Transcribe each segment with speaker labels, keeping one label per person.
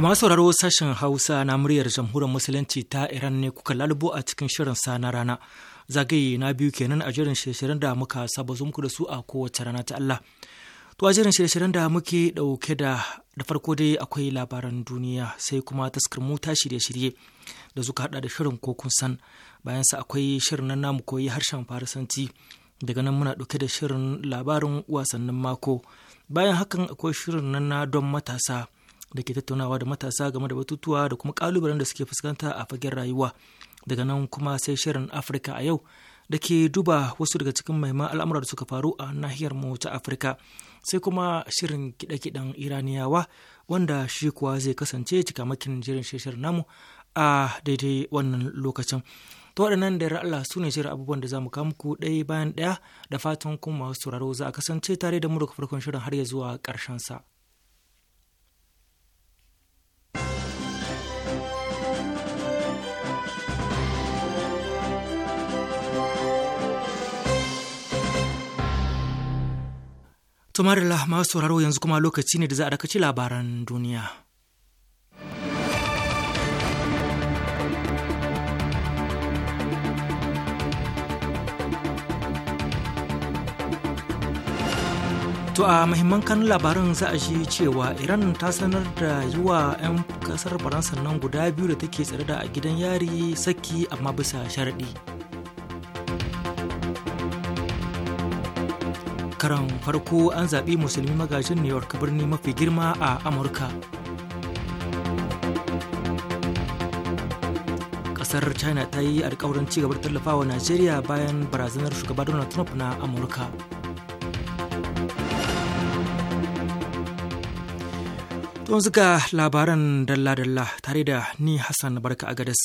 Speaker 1: To masu sauraro sashen Hausa na muryar jamhuriyar Musulunci ta Iran ne kuka lalubo a cikin shirin sa na rana. Zagaye na biyu kenan a jirin shirye da muka saba muku da su a kowace rana ta Allah. To a jirin shirye da muke dauke da da farko dai akwai labaran duniya sai kuma taskar mu ta shirye-shirye da suka hada da shirin ko kun san bayan sa akwai shirin nan namu koyi harshen farisanci daga nan muna dauke da shirin labarin wasannin mako bayan hakan akwai shirin nan na don matasa da ke tattaunawa da matasa game da batutuwa da kuma kalubalen da suke fuskanta a fagen rayuwa daga nan kuma sai shirin afirka a yau da ke duba wasu daga cikin maiman al'amura da suka faru a nahiyar mu ta afirka sai kuma shirin kiɗe-kiɗen iraniyawa wanda shi kuwa zai kasance cikamakin jirin shirin namu a daidai wannan lokacin to waɗannan da Allah su ne shirin abubuwan da za mu kawo muku ɗaya bayan ɗaya da fatan kuma masu sauraro za a kasance tare da mu daga farkon shirin har ya zuwa ƙarshen sa Tumarila masu sauraro yanzu kuma lokaci ne da za a dakaci labaran duniya. To a muhimman kan labarin za a shi cewa Iran ta sanar da yi wa 'yan kasar Faransa nan guda biyu da take tsare da a gidan yari saki amma bisa sharaɗi. karan farko an zaɓi musulmi magajin new york birni mafi girma a amurka ƙasar china ta yi alkawarin cigabar tallafawa najeriya bayan barazanar shugaba donald trump na amurka tun suka labaran dalla-dalla tare da ni hassan barka gadas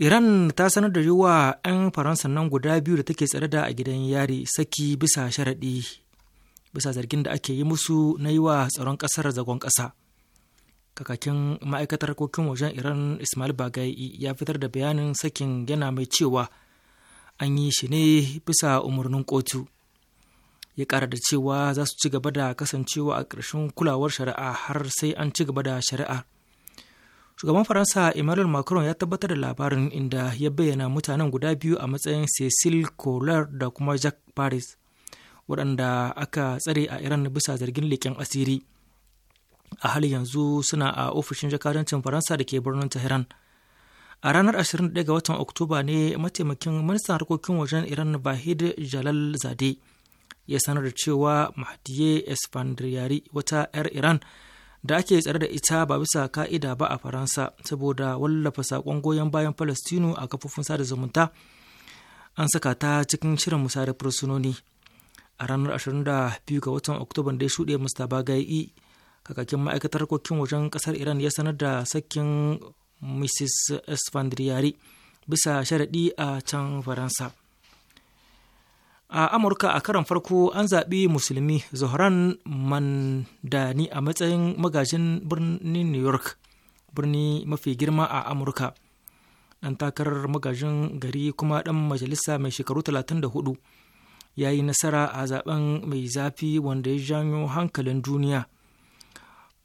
Speaker 1: Iran ta sanar da yiwuwa 'yan Faransa nan guda biyu da take tsare da a gidan yari saki bisa sharaɗi bisa zargin da ake yi musu na yi wa tsaron ƙasar zagon ƙasa. Kakakin ma'aikatar harkokin wajen Iran Ismail Bagai ya fitar da bayanin sakin yana mai cewa an yi shi ne bisa umarnin kotu. Ya ƙara da cewa za su ci gaba da kasancewa a ƙarshen kulawar shari'a har sai an ci gaba da shari'ar. shugaban faransa emmanuel macron ya tabbatar da labarin inda ya bayyana mutanen guda biyu a matsayin cecil collard da kuma jack paris waɗanda aka tsare a iran bisa zargin leƙen asiri a hali yanzu suna a ofishin jakadancin faransa da ke birnin tehran a ranar 21 ga watan oktoba ne mataimakin ministan harkokin wajen iran bahid jalal zade ya sanar da cewa mahdiye espandriyari wata 'yar iran da ake tsare da ita ba bisa ka'ida ba a faransa saboda wallafa sakon goyon bayan palestino a kafofin sada zumunta an saka ta cikin shirin musayar fursunoni a ranar 22 ga watan oktoban da ya shuɗe mista bagai kakakin ma'aikatar kokin wajen kasar iran ya sanar da sakin mrs esfandriyari bisa sharaɗi a can faransa a amurka a karan farko an zaɓi musulmi zohran mandani a matsayin magajin birnin new york birni mafi girma a amurka ɗan takarar magajin gari kuma ɗan majalisa mai shekaru 34 ya yi nasara a zaben mai zafi wanda ya janyo hankalin duniya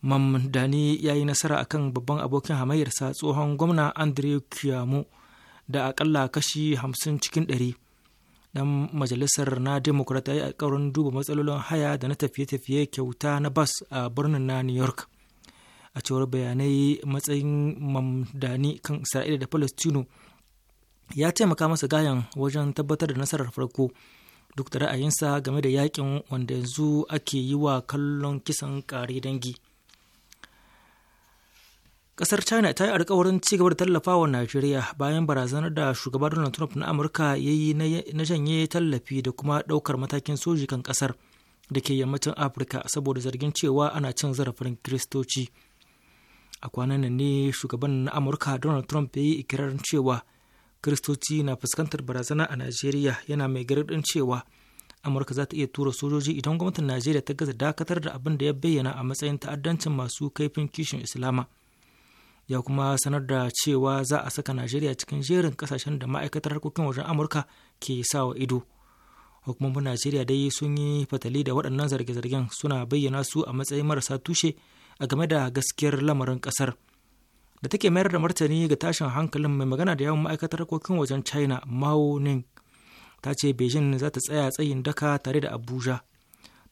Speaker 1: mamdani ya yi nasara a kan babban abokin hamayyarsa tsohon gwamna andrew kiyamo da akalla kashi 50 cikin ɗari. dan majalisar na democrat ya yi duba matsalolin haya da na tafiye-tafiye kyauta na bas a birnin na new york a cewar bayanai matsayin mamdani kan isra'ila da palestino ya taimaka masa gayan wajen tabbatar da nasarar farko duk da ra'ayinsa game da yakin wanda yanzu ake yi wa kallon kisan kare dangi Kasar China ta yi alkawarin ci gaba da tallafawa Najeriya bayan barazanar da shugaban Donald Trump na Amurka ya yi na janye tallafi da kuma ɗaukar matakin soji kan kasar da ke yammacin Afirka saboda zargin cewa ana cin zarafin Kiristoci. A kwanan nan ne shugaban na Amurka Donald Trump ya yi ikirarin cewa Kiristoci na fuskantar barazana a Najeriya yana mai gargaɗin cewa amurka za ta iya tura sojoji idan gwamnatin najeriya ta gaza dakatar da abin da ya bayyana a matsayin ta'addancin masu kaifin kishin islama ya kuma sanar da cewa za a saka najeriya cikin jerin kasashen da ma'aikatar harkokin wajen amurka ke sawa ido hukumomin najeriya dai sun yi fatali da waɗannan zarge-zargen suna bayyana su a matsayin marasa tushe a game da gaskiyar lamarin ƙasar da take mayar da martani ga tashin hankalin mai magana da yawan ma'aikatar harkokin wajen china mao ning ta ce beijing za ta tsaya tsayin daka tare da abuja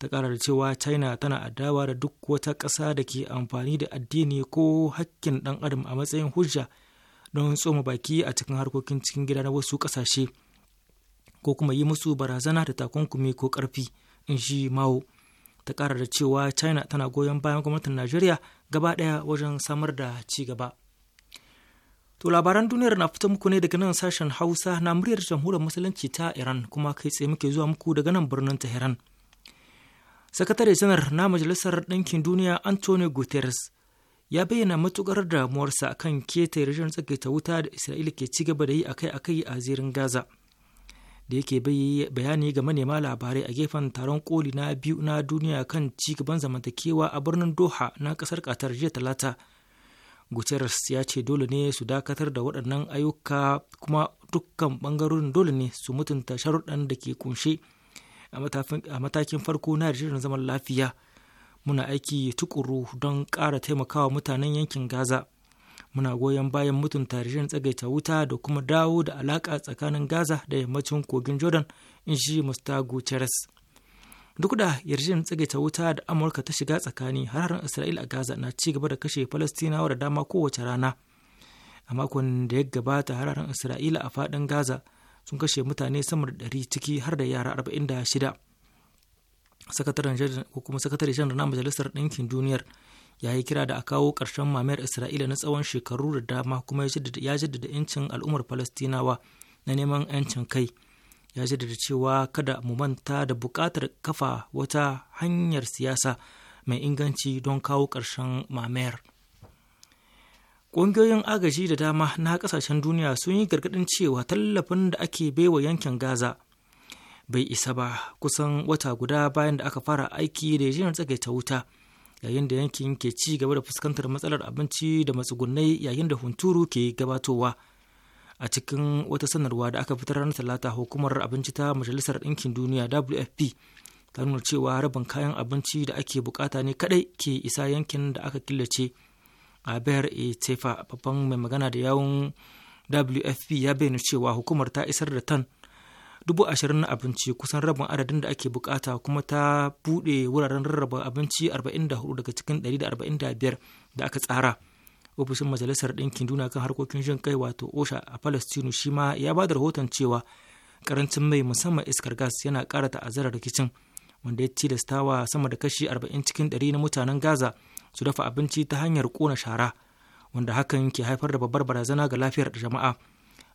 Speaker 1: ta kara da cewa china tana adawa da duk wata ƙasa da ke amfani da addini ko hakkin ɗan adam a matsayin hujja don tsoma baki a cikin harkokin cikin gida na wasu ƙasashe ko kuma yi musu barazana da takunkumi ko ƙarfi in shi mao ta kara da cewa china tana goyon bayan gwamnatin najeriya gaba ɗaya wajen samar da ci gaba To labaran duniyar na fita muku ne daga nan sashen Hausa na muryar jamhuriyar musulunci ta Iran kuma kai tsaye muke zuwa muku daga nan birnin Tehran. sakatare sanar na majalisar ɗinkin duniya antonio guterres ya bayyana matukar damuwarsa kan keta yarjejen tsakaita wuta da isra'ila ke ci gaba da yi akai-akai a zirin gaza da yake bayani ga manema labarai a gefen taron koli na biyu na duniya kan ci gaban zamantakewa a birnin doha na kasar qatar jiya talata guterres ya ce dole ne su dakatar da waɗannan ayyuka kuma dukkan ɓangarorin dole ne su mutunta sharuɗan da ke kunshe a matakin farko na yarjejeniyar zaman lafiya muna aiki tukuru don ƙara taimakawa mutanen yankin gaza muna goyon bayan mutunta yarjejeniyar tsagaita wuta da kuma dawo da alaƙa tsakanin gaza da yammacin kogin jordan in shi musta duk da yarjejeniyar tsagaita wuta da amurka ta shiga tsakani har israil a gaza na ci gaba da kashe falastinawa da dama kowace rana a makon da ya gabata hararen isra'ila a faɗin gaza sun kashe mutane sama da ɗari ciki har da yara arba'in da shida ko kuma sakatare janar na majalisar ɗinkin duniyar ya yi kira da a kawo ƙarshen mamayar isra'ila na tsawon shekaru da dama kuma ya jaddada 'yancin al'ummar falastinawa na neman 'yancin kai ya jaddada cewa kada mu manta da buƙatar kafa wata hanyar siyasa mai inganci don kawo ƙarshen mamayar. Ƙungiyoyin agaji da dama na ƙasashen duniya sun yi gargaɗin cewa tallafin da ake baiwa yankin Gaza bai isa ba kusan wata guda bayan da aka fara aiki da yajinar tsagaita wuta yayin da yankin ke ci gaba da fuskantar matsalar abinci da matsugunai yayin da hunturu ke gabatowa a cikin wata sanarwa da aka fitar ranar talata hukumar abinci ta majalisar ɗinkin duniya wfp ta nuna cewa rabin kayan abinci da ake bukata ne kadai ke isa yankin da aka killace a aber itefa babban mai magana da yawun wfp ya bayyana cewa hukumar ta isar da tan dubu ashirin na abinci kusan rabin adadin da ake bukata kuma ta bude wuraren rarraba abinci 44 daga cikin 145 da aka tsara ofishin majalisar ɗinkin duniya kan harkokin jin kai wato osha a palestinu shi ma ya ba da rahoton cewa karancin mai musamman iskar gas yana kara ta'azzara rikicin wanda ya tilastawa sama da kashi 40 cikin 100 na mutanen gaza su dafa abinci ta hanyar kona shara wanda hakan ke haifar da babbar barazana ga lafiyar jama'a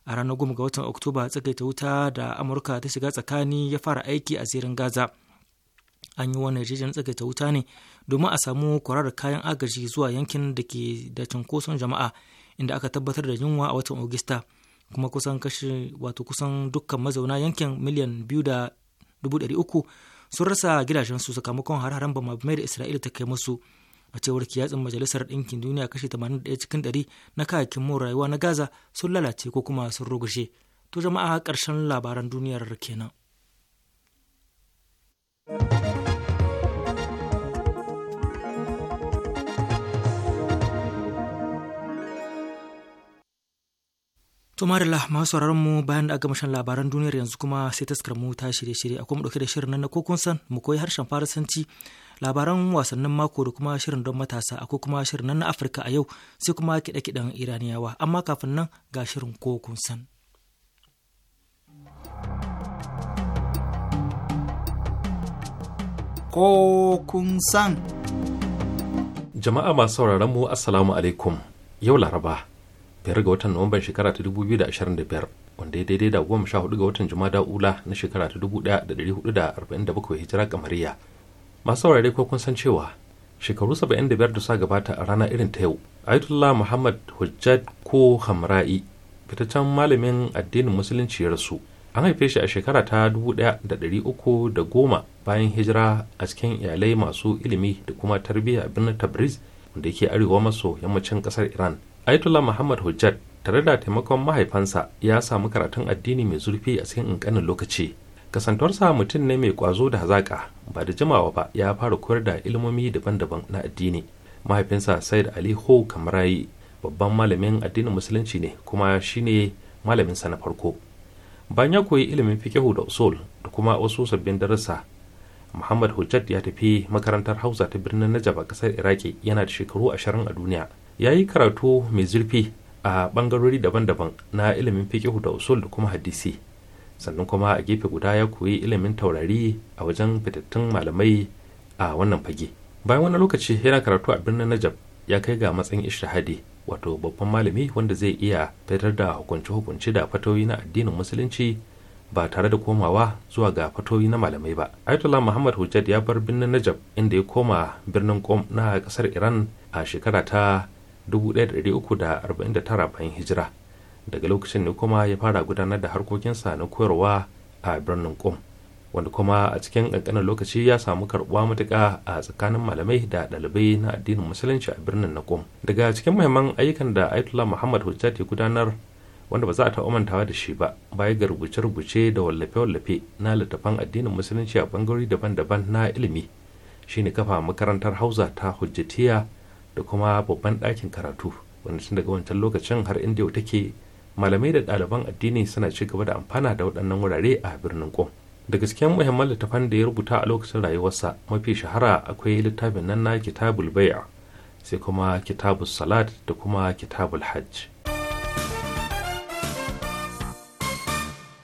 Speaker 1: a ranar goma ga watan oktoba tsakaita wuta da amurka ta shiga tsakani ya fara aiki a zirin gaza an yi wannan yarjejeniyar tsakaita wuta ne domin a samu kwarar kayan agaji zuwa yankin da ke da cunkoson jama'a inda aka tabbatar da yunwa a watan augusta kuma kusan kashi wato kusan dukkan mazauna yankin miliyan biyu da dubu ɗari uku sun rasa gidajensu sakamakon har-haren bama da isra'ila ta kai musu a cewar kiyatsin majalisar ɗinkin duniya kashi 81 cikin 100 na kayakin mu rayuwa na gaza sun lalace ko kuma sun rugushe to jama'a ƙarshen labaran duniyar kenan To Marila masu sauraron mu bayan da aka mashan labaran duniyar yanzu kuma sai taskar mu ta shirye shirye akwai mu dauke da shirin nan na kokun san mu koyi harshen farasanci labaran wasannin mako da kuma shirin don matasa akwai kuma shirin nan na afirka a yau sai kuma kiɗe-kiɗen iraniyawa amma kafin nan ga shirin ko kun san
Speaker 2: ko kun san
Speaker 3: jama'a masu sauraron mu assalamu alaikum yau laraba biyar ga watan nuwamban shekara ta 2025 wanda ya daidai da goma sha hudu ga watan da ula na shekara ta dubu da dari hudu da arba'in da bakwai hijira kamariya masu saurare ko kun san cewa shekaru 75 da sa gabata a rana irin ta yau ayatollah muhammad hujjat ko hamra'i fitaccen malamin addinin musulunci ya rasu an haife shi a shekara ta dubu da da uku goma bayan hijira a cikin iyalai masu ilimi da kuma tarbiyya a birnin tabriz wanda yake arewa maso yammacin kasar iran ayatollah muhammad hujjat tare da taimakon mahaifansa ya samu karatun addini mai zurfi a cikin ƙanƙanin lokaci kasantuwarsa mutum ne mai kwazo da hazaƙa ba da jimawa ba ya fara koyar da ilimomi daban-daban na addini mahaifinsa said ali ho kamarayi babban malamin addinin musulunci ne kuma shine malamin sa na farko bayan ya koyi ilimin fikihu da usul da kuma wasu sabbin darussa muhammad hujjat ya tafi makarantar hausa ta birnin najab a kasar iraki yana da shekaru ashirin a duniya ya yi karatu mai zurfi a bangarori daban-daban na ilimin fikihu da usul da kuma hadisi sannan kuma a gefe guda ya koyi ilimin taurari a wajen fitattun malamai a wannan fage bayan wani lokaci yana karatu a birnin najab ya kai ga matsayin ishahadi wato babban malami wanda zai iya fitar da hukunce-hukunce da fatoyi na addinin musulunci ba tare da komawa zuwa ga fatoyi na malamai ba ayatollah muhammad hujjad ya bar birnin najab inda ya koma birnin kom na kasar iran a shekara ta 1349 bayan hijira daga lokacin ne kuma ya fara gudanar da harkokinsa na koyarwa a birnin kum wanda kuma a cikin ƙanƙanin lokaci ya samu karbuwa matuka a tsakanin malamai da ɗalibai na addinin musulunci a birnin na kum daga cikin mahimman ayyukan da ayatollah muhammad hujjati gudanar wanda ba za a taɓa da shi ba baya ga rubuce-rubuce da wallafe-wallafe na littattafan addinin musulunci a bangarori daban-daban na ilimi shine kafa makarantar hausa ta hujjatiya da kuma babban ɗakin karatu wanda tun daga wancan lokacin har inda yau take malamai da ɗaliban addini suna ci gaba da amfana da waɗannan wurare a birnin kom da gaske muhimman littafan da ya rubuta a lokacin rayuwarsa mafi shahara akwai littafin nan na kitabul bai'a sai kuma kitabul salat da kuma kitabul hajj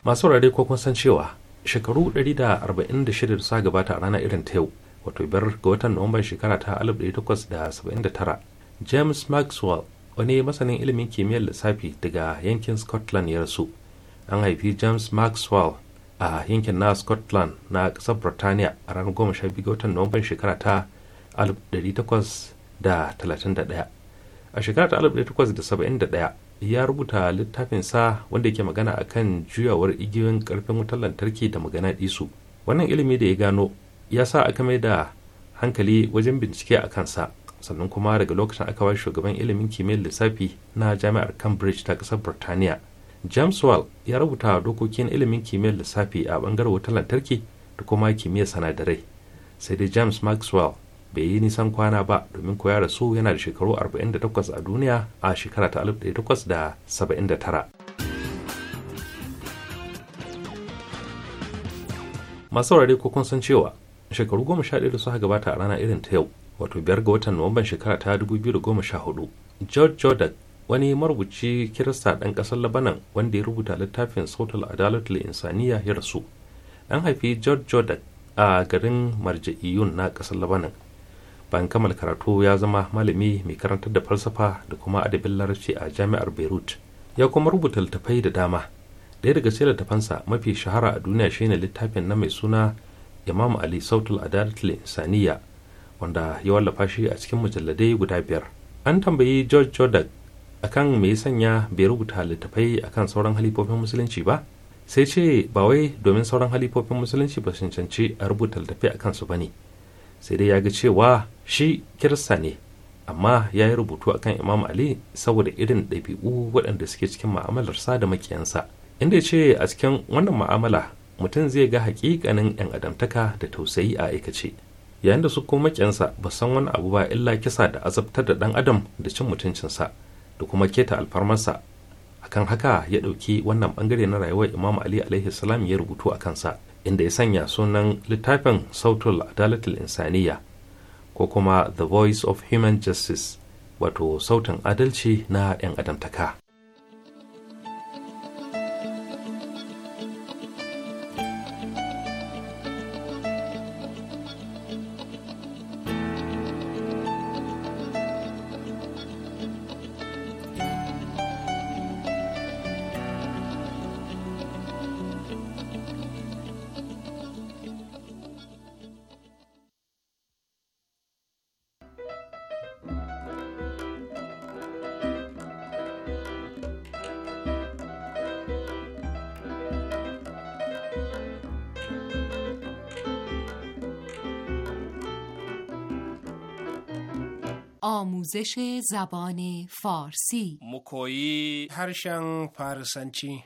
Speaker 3: masu wurare ko kun san cewa shekaru 146 da gabata a ranar irin ta yau wato biyar ga watan nuwamban shekara ta 1879 james maxwell wani masanin ilimin kimiyyar lissafi daga yankin scotland ya rasu an haifi james maxwell a yankin na scotland na ƙasar birtaniya a ranar 12 ga watan nuwamban shekara ta 1831 a shekara ta 1871 ya rubuta littafinsa wanda yake magana akan juyawar igiyoyin karfin wutar lantarki da magana ɗisu. wannan ilimi da ya gano ya sa aka mai da hankali wajen bincike a kansa sannan kuma daga lokacin aka ba shugaban ilimin kimiyyar lissafi na jami'ar cambridge ta kasar burtaniya james wall ya rubuta dokokin ilimin kimiyyar lissafi a bangar wutar lantarki da kuma kimiyyar sanadarai sai dai james maxwell bai yi nisan kwana ba domin koya ya rasu yana da shekaru 48 a duniya a shekara ta 1879 masu saurare ko kun san cewa shekaru goma sha ɗaya da suka gabata a rana irin ta yau wato biyar ga watan nuwamban shekara ta 2014 george jordan wani marubuci kirista ɗan ƙasar labanan wanda ya rubuta littafin sautal adalatul insaniya ya rasu an haifi george jordan a garin marja marja'iyun na ƙasar labanan bayan kammala karatu ya zama malami mai karantar da falsafa da kuma adabin larabci a jami'ar beirut ya kuma rubuta littafai da dama ɗaya daga sai littafansa mafi shahara a duniya shine littafin na mai suna imam ali sautul adalatul insaniya wanda ya wallafa shi a cikin mujalladai guda biyar an tambayi george jordan akan me sanya bai rubuta littafai akan sauran halifofin musulunci ba sai ce ba wai domin sauran halifofin musulunci ba cancanci a rubuta littafai akan ba ne. sai dai ya ga cewa shi kirsa ne amma ya yi rubutu akan imam ali saboda irin ɗabi'u waɗanda suke cikin ma'amalarsa da makiyansa inda ya ce a cikin wannan ma'amala mutum zai ga haƙiƙanin 'yan adamtaka da tausayi a aikace yayin da su kuma makiyansa ba san wani abu ba illa kisa da azabtar da dan adam da cin mutuncinsa da kuma keta alfarmarsa akan haka ya ɗauki wannan bangare na rayuwar imam ali alaihi salam ya rubutu a kansa inda ya sanya sunan littafin sautul adalatul insaniya ko kuma the voice of human justice wato sautin adalci na 'yan adamtaka
Speaker 4: آموزش زبان فارسی
Speaker 3: مکویی هرشن فارسنچی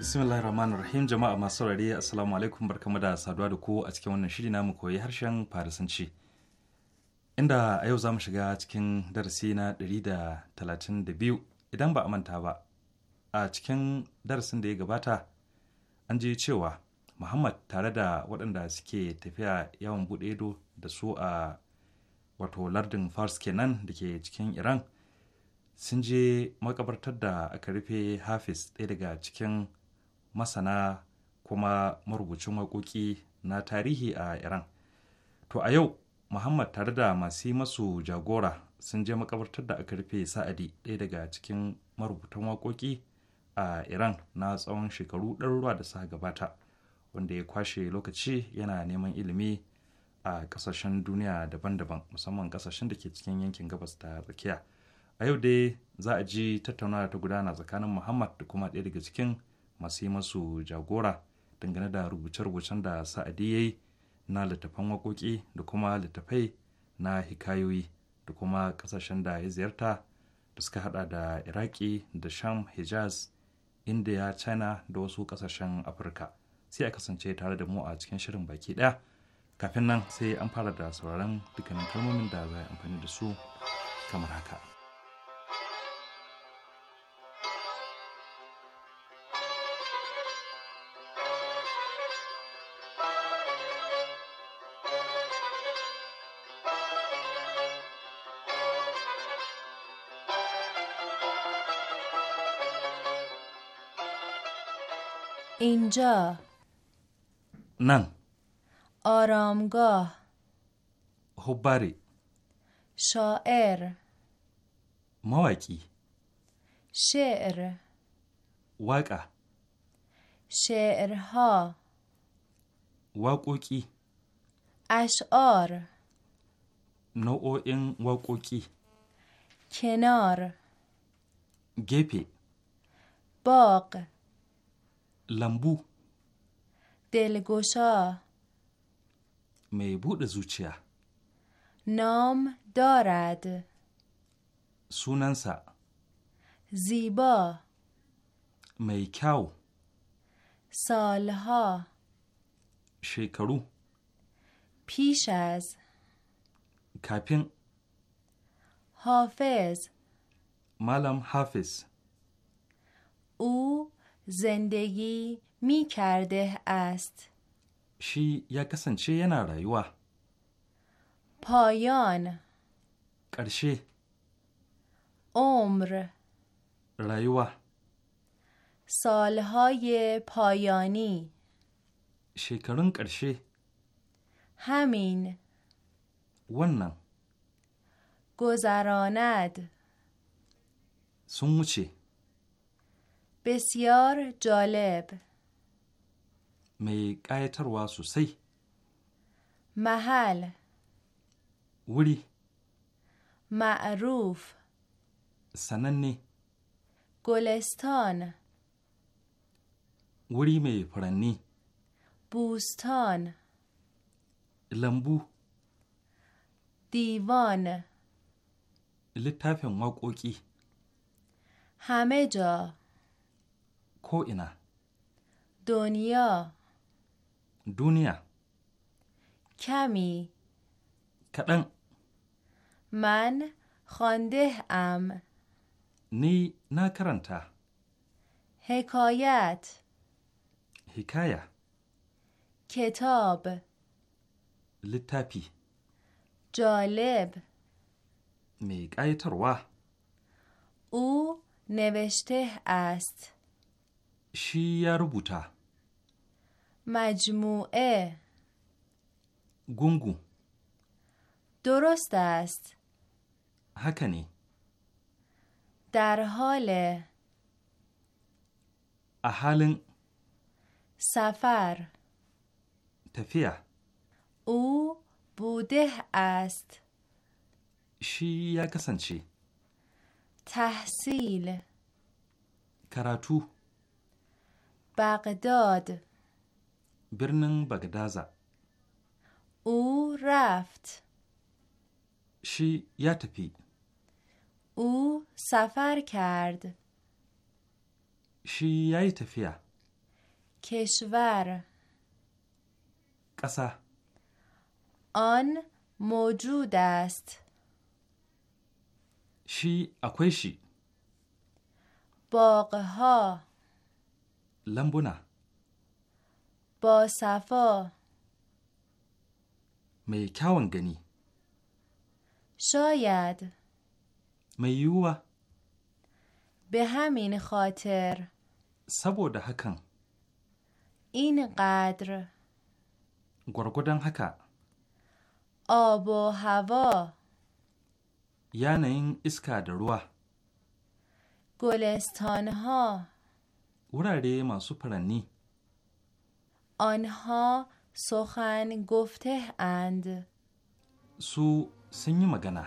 Speaker 5: bismillahir rahmanir rahim jama'a masu saurare assalamu alaikum barkamu da saduwa da ku a cikin wannan shiri namu koyi harshen farisanci inda a yau za mu shiga cikin darasi na 132 idan ba a manta ba a cikin darasin da ya gabata an ji cewa muhammad tare da waɗanda suke tafiya yawan buɗe ido da su a wato lardin fars kenan da ke cikin iran sun je makabartar da aka rufe hafiz ɗaya daga cikin masana kuma marubucin waƙoƙi na tarihi a iran to a yau muhammad tare da masu masu jagora sun je makabartar da aka rufe sa'adi ɗaya daga cikin marubutan waƙoƙi a iran na tsawon shekaru ɗaruruwa da suka gabata wanda ya kwashe lokaci yana neman ilimi a kasashen duniya daban-daban musamman kasashen da ke cikin yankin gabas ta tsakiya a yau dai za a ji tattaunawa ta gudana tsakanin muhammad da kuma ɗaya daga cikin masu yi masu jagora dangane da rubuce-rubucen da sa'adi ya yi na littattafan waƙoƙi da kuma littattafai na hikayoyi da kuma kasashen da ya ziyarta da suka hada da iraki da sham hijaz india china da wasu kasashen afirka sai a kasance tare da mu a cikin shirin baki ɗaya kafin nan sai an fara da sauraron dukkanin kalmomin da za a amfani da su kamar haka.
Speaker 4: Enjoy. نن آرامگاه هوبری شاعر مواکی شعر واقع شعرها
Speaker 5: واقوکی
Speaker 4: اشعار
Speaker 5: نوعین واقوکی
Speaker 4: کنار گپی باغ
Speaker 5: لمبو
Speaker 4: دلگشا
Speaker 5: می بود زوچیا
Speaker 4: نام دارد
Speaker 5: سوننسا
Speaker 4: زیبا
Speaker 5: میکاو
Speaker 4: سالها
Speaker 5: شکرو
Speaker 4: پیش از کپین حافظ
Speaker 5: ملم حافظ
Speaker 4: او زندگی می کرده است
Speaker 5: شی یا کسنچه ینا رایوا
Speaker 4: پایان کرشی عمر رایوا سالهای پایانی
Speaker 5: کلن کرشی
Speaker 4: همین ونن گذراند سون بسیار جالب
Speaker 5: mai ƙayatarwa sosai.
Speaker 4: Mahal Wuri Ma'aruf
Speaker 5: Sananne
Speaker 4: Goleston
Speaker 5: Wuri mai furanni
Speaker 4: Buston Lambu Divan
Speaker 5: Littafin waƙoƙi
Speaker 4: Hameja Ko'ina Doniya دنیا کمی کدن من خانده ام
Speaker 5: نی نکرنتا
Speaker 4: حکایت حکایه کتاب لتاپی جالب
Speaker 5: میگای تروه
Speaker 4: او نوشته است
Speaker 5: شی یا
Speaker 4: مجموعه گونگو درست است هکنی در حال احال سفر تفیه او بوده است
Speaker 5: شی یا کسنچی
Speaker 4: تحصیل کراتو بغداد
Speaker 5: برنن بغدازه
Speaker 4: او رفت
Speaker 5: شی یا
Speaker 4: او سفر کرد
Speaker 5: شی یای تفیه
Speaker 4: کشور قصه آن موجود است
Speaker 5: شی اکوی شی
Speaker 4: ها. لمبونه با صفا
Speaker 5: می گنی
Speaker 4: شاید میوا به همین خاطر
Speaker 5: سبو ده
Speaker 4: این قدر
Speaker 5: گرگودن هکا
Speaker 4: آب و هوا
Speaker 5: یعنی این اسکا دروه
Speaker 4: گلستان ها
Speaker 5: وراره ما سپرنی
Speaker 4: آنها سخن گفته اند
Speaker 5: سو سنی مگنه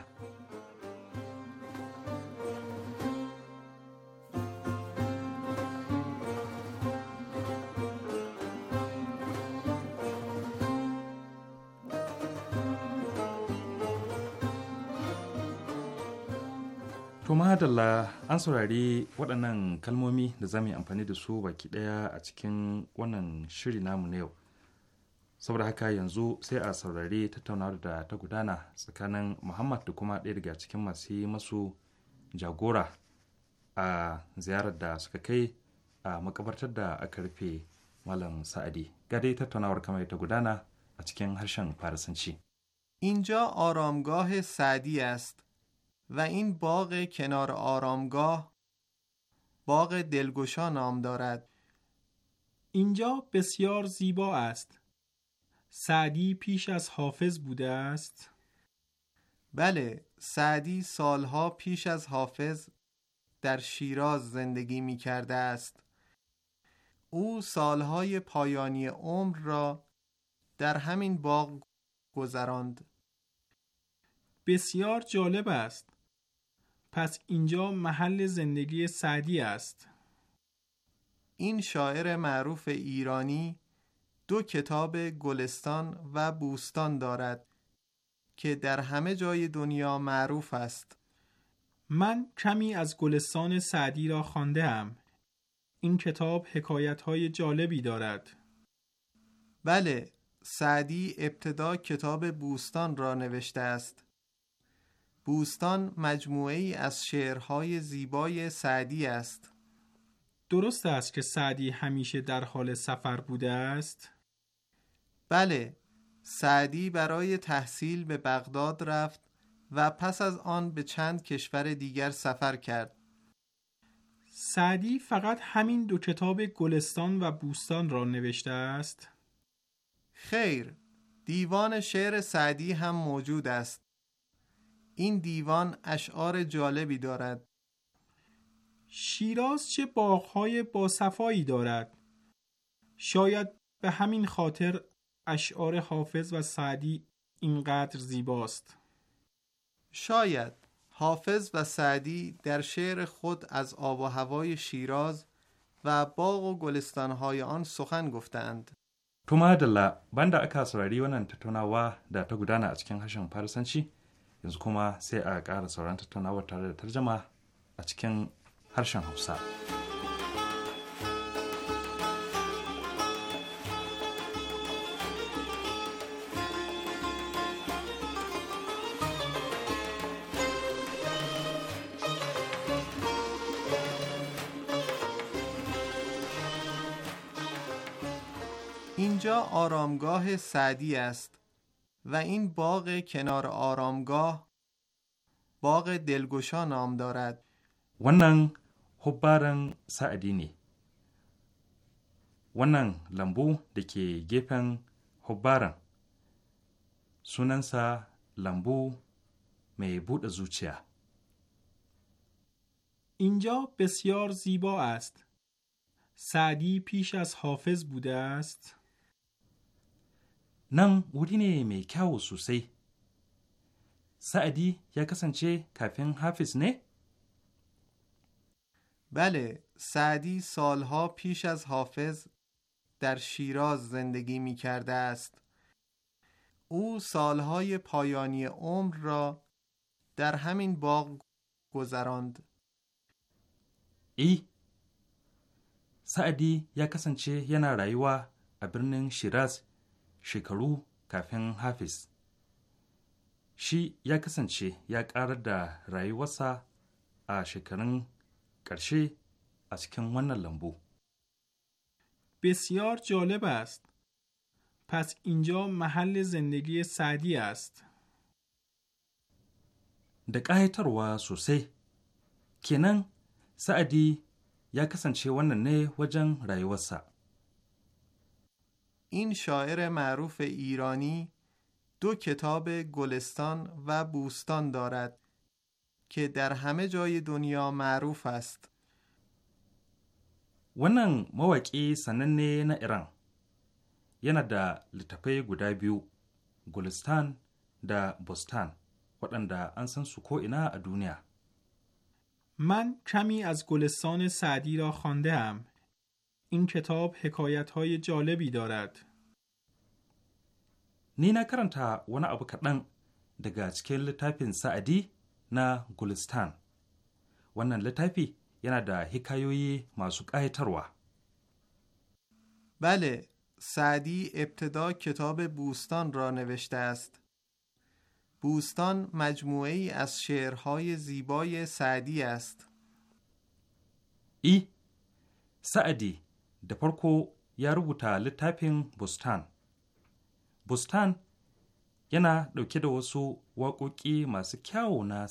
Speaker 5: madalla an saurari waɗannan kalmomi da za mu yi amfani da su baki ɗaya a cikin wannan shiri namu na yau saboda haka yanzu sai a saurari tattaunawar da ta gudana tsakanin muhammad da kuma ɗaya daga cikin masu masu jagora a ziyarar da suka kai a makabartar da aka rufe malam sa'adi ga tattaunawar kamar ta gudana a cikin harshen farisanci Inja
Speaker 6: aramgah sadi است. و این باغ کنار آرامگاه باغ دلگشا نام دارد اینجا
Speaker 7: بسیار زیبا است سعدی پیش از حافظ بوده است
Speaker 6: بله سعدی سالها پیش از حافظ در شیراز زندگی می کرده است او سالهای پایانی عمر را در همین باغ گذراند بسیار جالب است پس اینجا محل زندگی سعدی است این شاعر معروف ایرانی دو کتاب گلستان و بوستان دارد که در همه جای دنیا معروف است من کمی از گلستان
Speaker 7: سعدی را خانده هم. این کتاب حکایت های جالبی دارد
Speaker 6: بله سعدی ابتدا کتاب بوستان را نوشته است بوستان مجموعه ای از شعرهای زیبای
Speaker 7: سعدی است. درست است که سعدی همیشه در حال سفر
Speaker 6: بوده است؟ بله، سعدی برای تحصیل به بغداد رفت و پس از آن به چند کشور دیگر سفر کرد.
Speaker 7: سعدی فقط همین دو کتاب گلستان و بوستان را نوشته
Speaker 6: است؟ خیر، دیوان شعر سعدی هم موجود است. این دیوان اشعار جالبی دارد شیراز چه باغهای باصفایی دارد شاید
Speaker 7: به همین خاطر اشعار حافظ و سعدی اینقدر
Speaker 6: زیباست شاید حافظ و سعدی در شعر خود از آب و هوای شیراز و باغ و گلستانهای آن سخن گفتند
Speaker 5: تو madalla بند اکاس saurari تو tattaunawa da ta از yanzu kuma sai a ƙara sauran tattaunawar tare da tarjama a cikin harshen hausa
Speaker 6: اینجا آرامگاه سعدی است و این باغ کنار آرامگاه باغ دلگشا نام دارد ونن
Speaker 5: حبارن سعدی نی ونن لمبو دکی گپن حبارن سا
Speaker 7: لمبو می بود زوچیا اینجا بسیار زیبا است سعدی پیش از حافظ بوده است نن وری نه می کیاو سوسی
Speaker 6: سعدی یا کسانچه کافین حافظ نه بله سعدی سالها پیش از حافظ در شیراز زندگی می کرده است او سالهای پایانی عمر را در همین باغ گذراند ای سعدی یا کسانچه ینا رایوا
Speaker 5: a شیراز shekaru kafin Hafiz. Shi ya kasance ya ƙarar da rayuwarsa a shekarun
Speaker 7: ƙarshe a cikin wannan lambu. بسیار جالب است. پس اینجا محل زندگی سعدی است.
Speaker 5: da ƙayatarwa sosai kenan sa'adi ya kasance wannan ne wajen rayuwarsa
Speaker 6: این شاعر معروف ایرانی دو کتاب گلستان و بوستان دارد که در همه جای دنیا معروف است.
Speaker 5: wannan mawaƙi sananne na Iran yana da littafai guda biyu, Gulistan da
Speaker 7: Bostan, waɗanda an san su ko'ina a من کمی از گلستان سعدی را خوانده ام این کتاب حکایت های جالبی دارد. نینا تا وانا ابو کتن
Speaker 5: دگا چکل لطایفین سعدی نا گلستان. wannan littafi yana da حکایوی masu ƙayatarwa.
Speaker 6: بله، سعدی ابتدا کتاب بوستان را نوشته است. بوستان مجموعه ای از شعرهای زیبای سعدی است.
Speaker 5: ای سعدی da farko ya rubuta littafin Bustan. Bustan yana ɗauke da wasu
Speaker 7: waƙoƙi masu kyawu na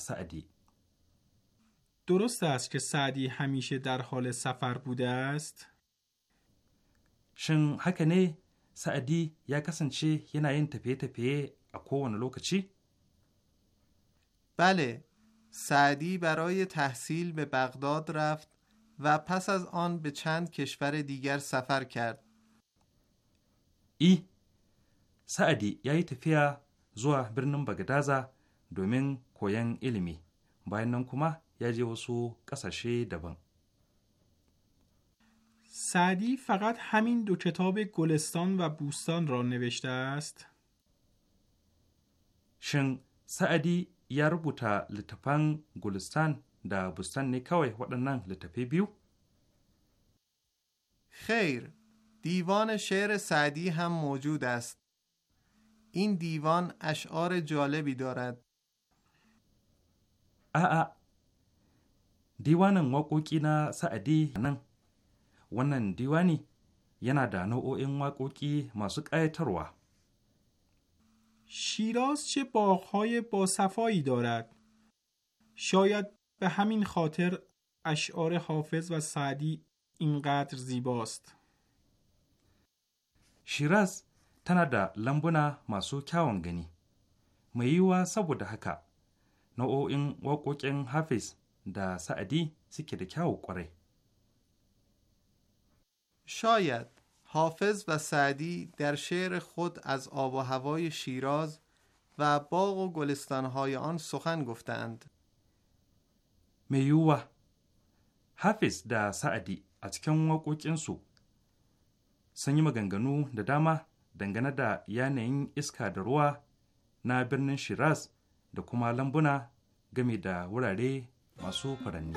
Speaker 7: درست است که سعدی همیشه در حال سفر بوده است؟ شن
Speaker 5: هکنه سعدی یا کسنچه یه نه تپه تپه اکوان
Speaker 6: بله سعدی برای تحصیل به بغداد رفت و پس از آن به چند کشور دیگر سفر کرد.
Speaker 5: ای سعدی یا تفیع زوا برنم بگدازا دومین کوین علمی. ilimi, نم کما kuma ya
Speaker 7: دبن. سعدی فقط همین دو کتاب گلستان و بوستان را نوشته است. شن
Speaker 5: سعدی یا ربوتا لطفان گلستان da bustan ne kawai waɗannan
Speaker 6: littafi biyu? خیر دیوان شعر سعدی هم موجود است این دیوان اشعار جالبی دارد آ دیوان
Speaker 5: واقوکی نا سعدی نن wannan diwani yana da nau'o'in
Speaker 7: waƙoƙi masu ƙayatarwa. شیراز چه باغهای باصفایی دارد شاید به همین خاطر اشعار حافظ و سعدی اینقدر زیباست
Speaker 5: شیراز تنها da lambuna ماسو کیاون گنی mai نو saboda haka nau'o'in waƙoƙin حافظ دا سعدی
Speaker 6: suke شاید حافظ و سعدی در شعر خود از آب و هوای شیراز و باغ و گلستانهای آن سخن گفتند mai yiwuwa
Speaker 5: hafiz da sa'adi a cikin waƙoƙinsu sun yi maganganu da dama dangane da yanayin iska da ruwa na birnin shiraz da kuma lambuna game da wurare masu furanni.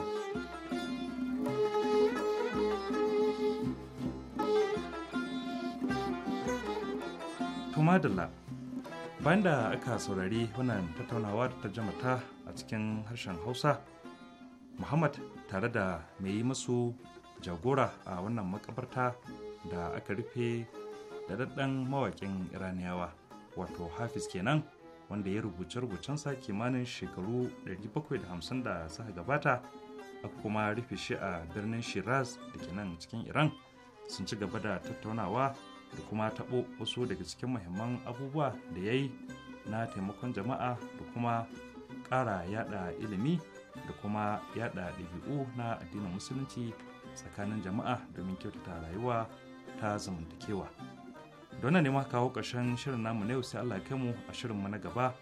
Speaker 5: Tumadala bayan da aka saurari wannan tattaunawa da ta jamata a cikin harshen Hausa muhammad tare da mai yi masu jagora a wannan makabarta da aka rufe da daddan mawaƙin iraniyawa wato hafiz kenan wanda ya rubuce rubucensa kimanin shekaru 750 da suka gabata aka kuma rufe shi a birnin shiraz da ke nan cikin iran sun ci gaba da tattaunawa da kuma taɓo wasu daga cikin muhimman abubuwa da ya yi na taimakon jama'a da kuma ƙara yada ilimi da kuma yada ɗabi'u na addinin musulunci tsakanin jama'a domin kyautata rayuwa ta zamantakewa don ne ma kawo ƙarshen shirin namu na yau sai Allah kai mu a shirin mu na gaba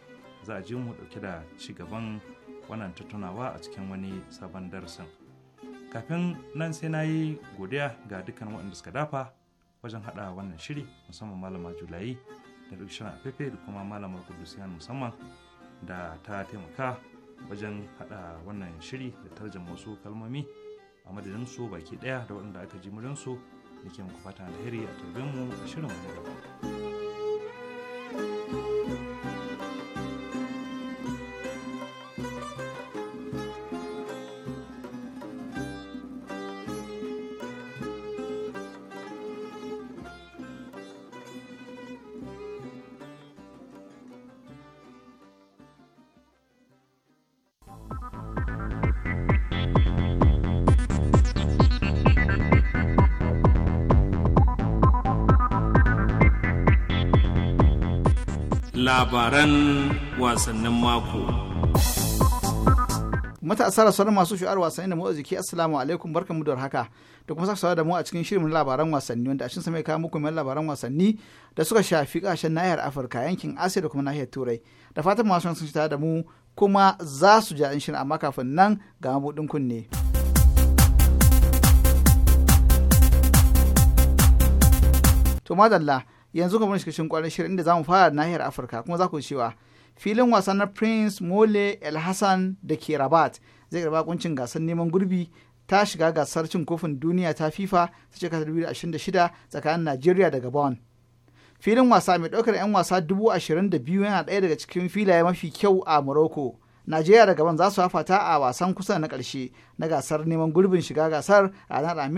Speaker 5: za a ji mu dauke da ci gaban wannan tattaunawa a cikin wani sabon darasin kafin nan sai na yi godiya ga dukkan waɗanda suka dafa wajen haɗa wannan shiri musamman malama julayi da shirin afefe da kuma malamar kudusiyan musamman da ta taimaka wajen hada wannan shiri da tarjan wasu kalmomi a madadin su baki ɗaya da waɗanda aka ji murinsu nake muku da alheri a turbin mu a shirin wani gaba.
Speaker 3: labaran wasannin
Speaker 8: mako.
Speaker 2: Matasa da sauran masu shu'ar wasanni da motsa jiki assalamu alaikum barkanmu da haka da kuma saka da mu a cikin shirin labaran wasanni wanda a cikin mai kawo muku mai labaran wasanni da suka shafi kashen nahiyar Afirka yankin Asiya da kuma nahiyar Turai da fatan masu sun shi da mu kuma za su ji shirin amma kafin nan ga mabudin kunne. To madalla yanzu kamar shirin kwanan shirin inda zamu fara nahiyar afirka kuma za ku cewa filin wasa na prince mole el hassan da ke rabat zai karba kuncin gasar neman gurbi ta shiga gasar cin kofin duniya ta fifa ta shekara 2026 tsakanin nigeria da gabon filin wasa mai ɗaukar 'yan wasa 22,000 yana ɗaya daga cikin filaye mafi kyau a morocco najeriya da gaban za su hafata a wasan kusa na karshe na gasar neman gurbin shiga gasar a ranar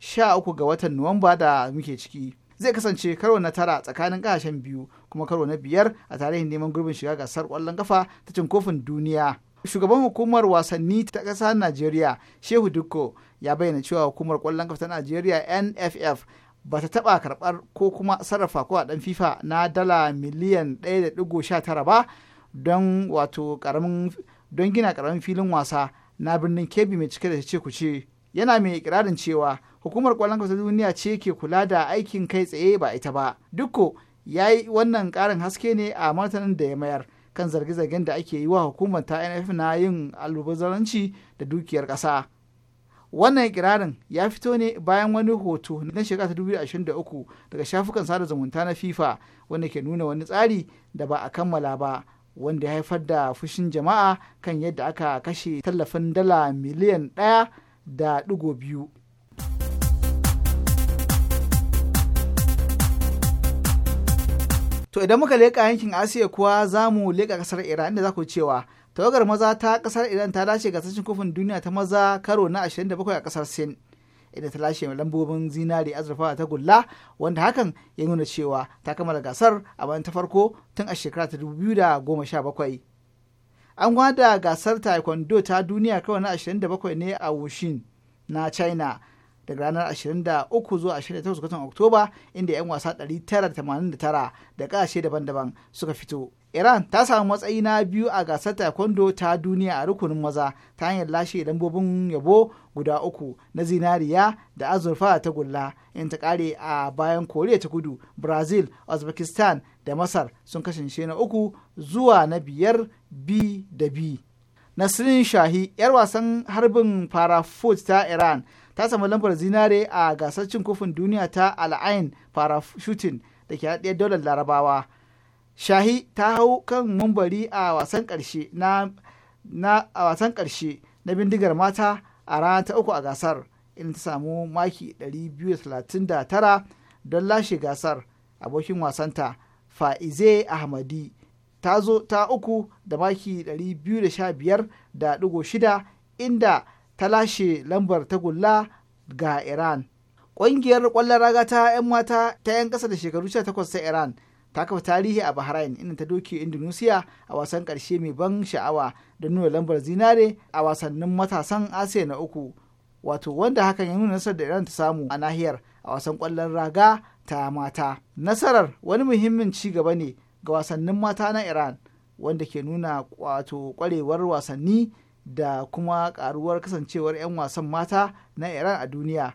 Speaker 2: sha 13 ga watan nuwamba da muke ciki zai kasance karo na tara tsakanin kasashen biyu kuma karo na biyar a tarihin neman gurbin shiga gasar kwallon kafa ta cin kofin duniya shugaban hukumar wasanni ta ƙasar najeriya shehu dukko ya bayyana cewa hukumar kwallon kafa ta najeriya nff ba ta taɓa karɓar ko kuma sarrafa ko a ɗan fifa na dala miliyan 1.19 ba don wato don gina karamin filin wasa na birnin kebbi mai cike da ce ku ce. yana mai ikirarin cewa hukumar kwallon kasa duniya ce ke kula da aikin kai tsaye ba ita ba dukko ya yi wannan karin haske ne a martanin da ya mayar kan zarge-zargen da ake yi wa hukumar ta nf na yin albazaranci da dukiyar kasa. wannan ikirarin ya fito ne bayan wani hoto na shekara 2023 daga shafukan sada zumunta na fifa wanda ke nuna wani tsari da ba a kammala ba wanda ya haifar da fushin jama'a kan yadda aka kashe tallafin dala miliyan ɗaya da ɗigo biyu. To idan muka leƙa yankin Asiya kuwa za mu leƙa ƙasar Iran inda za ku cewa tawagar maza ta ƙasar Iran ta lashe gasashen kofin duniya ta maza karo na 27 a ƙasar Sin. Inda ta lashe lambobin zinari azurfa ta gulla wanda hakan ya nuna cewa ta kammala gasar a bayan ta farko tun a shekara ta 2017. an gwada gasar taekwondo ta duniya kawai na 27 ne a wushin na china daga ranar 23 zuwa 28 ga oktoba inda 'yan wasa 989 da kasashe daban-daban suka fito iran ta samu matsayi na biyu a gasar taekwondo ta duniya a rukunin maza ta hanyar lashe lambobin yabo guda uku na zinariya da azurfa ta gulla in ta kare a bayan koriya ta kudu brazil uzbekistan da masar sun kasance na uku zuwa na biyar b da b nasrin shahi yar wasan harbin parafut ta iran ta samu lambar zinare a gasar cin kofin duniya ta al'ain parachuting da ke haɗe dolar larabawa shahi ta hau kan mumbari a wasan ƙarshe na bindigar mata a rana ta uku a gasar in ta samu maki 239 don lashe gasar abokin wasanta fa'ize ahmadi ta zo ta uku da maki 215 da digo shida inda ta lashe lambar tagulla ga iran ƙungiyar ƙwallon raga ta 'yan mata ta 'yan ƙasa da shekaru 18 ta iran ta kafa tarihi a bahrain inda ta doke indonesia a wasan ƙarshe mai ban sha'awa da nuna lambar zinare a wasannin matasan asiya na uku wato wanda hakan ya nuna nasarar da iran ta samu a nahiyar a wasan ƙwallon raga ta mata nasarar wani muhimmin ci gaba ne ga wasannin mata na iran wanda ke nuna wato kwarewar wasanni da kuma karuwar kasancewar 'yan wasan mata na iran a duniya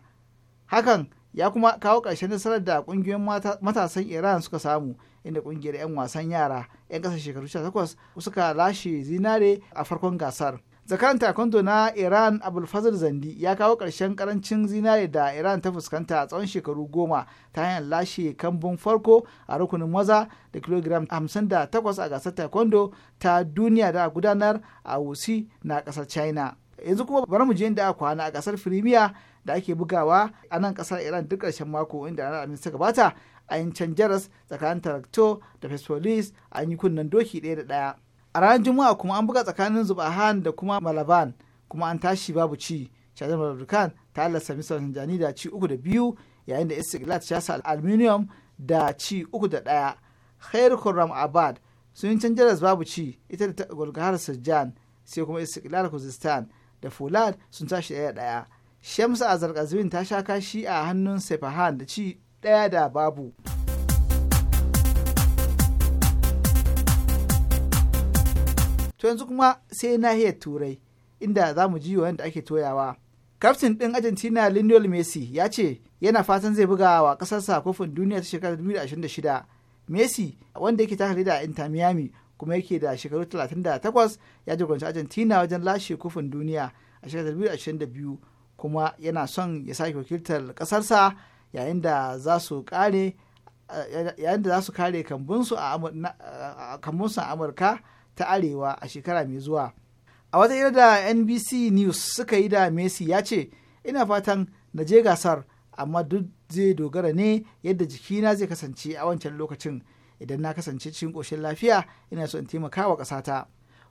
Speaker 2: hakan ya kuma kawo ƙarshen nasarar da ƙungiyoyin matasan iran suka samu inda ƙungiyar 'yan wasan yara 'yan ƙasar shekaru 18 suka lashe zinare a farkon gasar zakaran takwando na iran abulfazil zandi ya kawo ƙarshen karancin zinare da iran ta fuskanta a tsawon shekaru goma ta hanyar lashe kambun farko a rukunin maza da kilogiram 58 a gasar taekwondo ta duniya da gudanar a wusi na ƙasar china yanzu kuma bari mu je da aka kwana a kasar firimiya da ake bugawa a nan ƙasar iran duk ƙarshen mako inda ranar alhamis ta gabata a yin can jaras tsakanin tarakto da fesfolis an yi kunnen doki ɗaya da ɗaya a ranar juma'a kuma an buga tsakanin zubahan da kuma malaban kuma an tashi babu ci shazan barbikan ta halasta misal tanjani da ci uku da biyu yayin da istiklal ta shasa aluminium da ci uku da ɗaya khair kurram abad sun can da babu ci ita da gulgahar sajjan sai kuma istiklal kuzistan da fulad sun tashi daya ɗaya ɗaya shamsa azarkazwin ta sha kashi a hannun sefahan da ci ɗaya da babu. to yanzu kuma sai nahiyar turai inda za mu ji da ake toyawa kaftin ɗin argentina lionel messi ya ce yana fatan zai buga wa kasarsa kofin duniya ta shekarar 2026 messi wanda yake taka da inter miami kuma yake da shekaru 38 ya jagoranci argentina wajen lashe kofin duniya a shekarar 2022 kuma yana son ya sake wakiltar ƙasarsa yayin da za su kare eh, eh, kambunsu a amurka ta arewa a shekara mai zuwa a wata yarda da nbc news suka yi da messi ya ce ina fatan na je gasar amma duk zai dogara ne yadda jikina zai kasance a wancan lokacin idan na kasance cikin ƙoshin lafiya ina so in taimaka wa ƙasata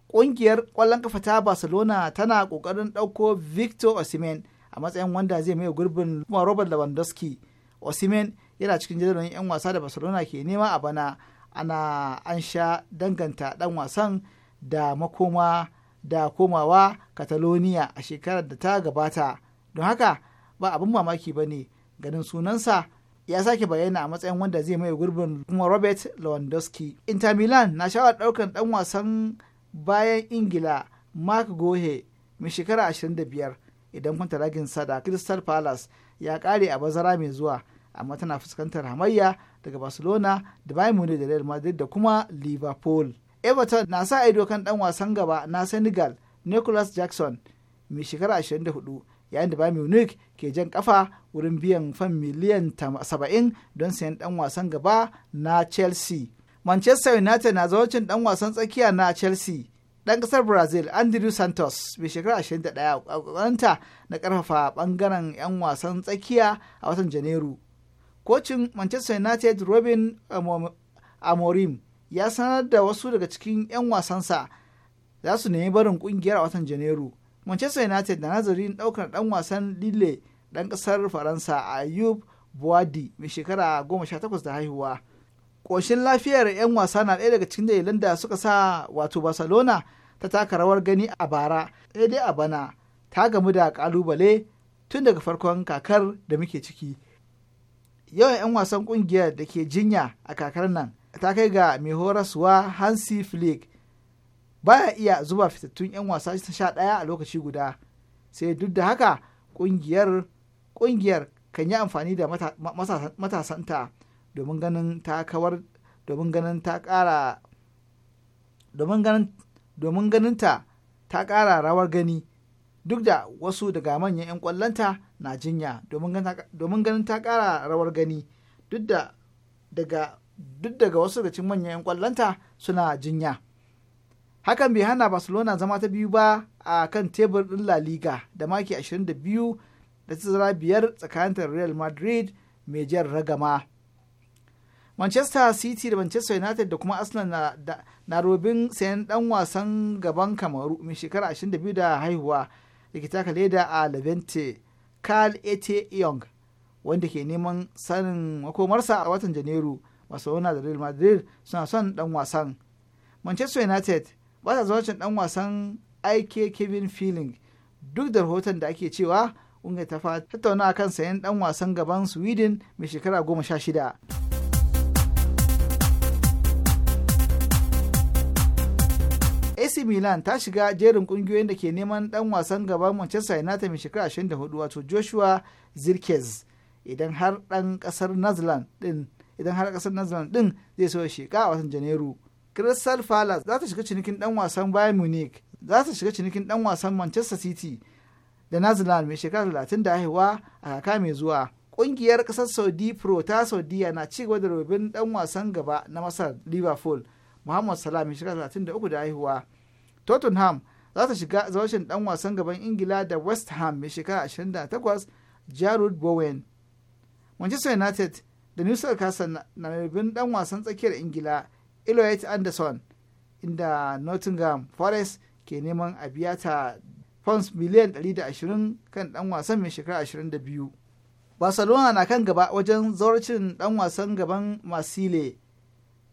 Speaker 2: ƙungiyar ƙwallon kafa ta barcelona tana ƙoƙarin ɗauko victor osimhen a matsayin wanda zai mai gurbin robert lewandowski osimhen yana cikin jadawalin 'yan wasa da barcelona ke nema a bana ana an sha danganta dan wasan da makoma da komawa Catalonia a shekarar da ta gabata don haka ba abin mamaki ba ne ganin sunansa ya sake bayyana a matsayin wanda zai mai gurbin kuma Robert Lewandowski. Inter Milan na shawar daukan dan wasan bayan Ingila Mark Gohe mai shekara 25 idan sa da Crystal Palace ya kare a bazara mai zuwa amma tana fuskantar hamayya daga barcelona da bayern munich da real madrid da kuma liverpool everton na sa ido kan dan wasan gaba na senegal nicholas jackson mai shekara 24 yayin da bayern munich ke jan kafa wurin biyan fan miliyan 70 don sayan dan wasan gaba na chelsea manchester united na zawancin dan wasan tsakiya na chelsea dan kasar brazil andrew santos mai shekara 21 a na ƙarfafa bangaren 'yan wasan tsakiya a watan janairu kocin manchester united robin amorim ya sanar da wasu daga cikin 'yan wasansa za su nemi barin kungiyar a watan janairu manchester united na nazarin daukar dan wasan lille dan kasar faransa ayub buwadi mai shekara 18 da haihuwa ƙoshin lafiyar 'yan wasa na ɗaya daga cikin dalilan da suka sa wato barcelona ta taka rawar gani a bara sai dai a bana ta gamu da ƙalubale tun daga farkon kakar da muke ciki yawan 'yan wasan kungiyar da ke jinya a kakar nan ta kai ga mai horaswa hansi flick baya iya zuba fitattun 'yan wasa ta sha ɗaya a lokaci guda sai duk da haka kungiyar kungiyar kan yi amfani da matasanta domin ganin ta kawar domin ganin ta ƙara domin ganin ta ta ƙara rawar gani duk da wasu daga manyan 'yan kwallonta na jinya domin ganin ta kara rawar gani duk da daga duk daga wasu daga cikin manyan 'yan kwallonta suna jinya hakan bai hana barcelona zama ta biyu ba a kan tebur ɗin la liga da maki 22 da tazara biyar tsakanin real madrid mai jan ragama manchester city da manchester united da kuma arsenal na, na robin sayan dan wasan gaban kamaru mai shekara 22 da haihuwa likitaka leda a Levante Carl Ete Young wanda ke neman sanin makomarsa a watan Janairu Barcelona da Real Madrid suna son dan wasan. Manchester United ba ta zuwacin dan wasan aike Kevin Feeling duk da rahoton da ake cewa unga ta tattauna kan sayan dan wasan gaban Sweden mai shekara goma sha shida. AC Milan ta shiga jerin kungiyoyin da ke neman dan wasan gaban Manchester United mai shekara 24 wato Joshua Zirkez idan har dan kasar Netherlands din idan har kasar Netherlands din zai so sheka a watan Janairu. Crystal Palace za ta shiga cinikin dan wasan Bayern Munich za ta shiga cinikin dan wasan Manchester City da Netherlands mai shekara 30 da haihuwa a kaka mai zuwa. Kungiyar kasar Saudi Pro ta Saudiya na ci gaba da robin dan wasan gaba na Masar Liverpool Muhammad Salah mai shekara 33 da haihuwa tottenham za ta shiga zaushin dan wasan gaban ingila da west ham mai shekara 28 jared bowen manchester united da new Wales na rubin dan wasan tsakiyar ingila elliot anderson inda nottingham forest ke neman a biya ta pounds miliyan 120 kan dan wasan mai shekara 22 barcelona na kan gaba wajen zawarcin dan wasan gaban masile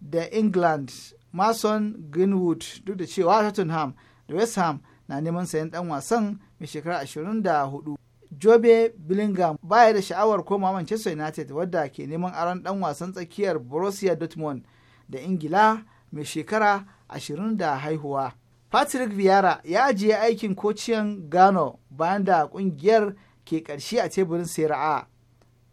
Speaker 2: da england mason greenwood duk da cewa tottenham da west ham na neman sayan dan wasan mai shekara 24 jobe billingham baya da sha'awar koma manchester united wadda ke neman aron dan wasan tsakiyar borussia dortmund da ingila mai shekara 20 da haihuwa patrick vieira ya ajiye aikin kociyan gano bayan da kungiyar ke karshe a teburin serie a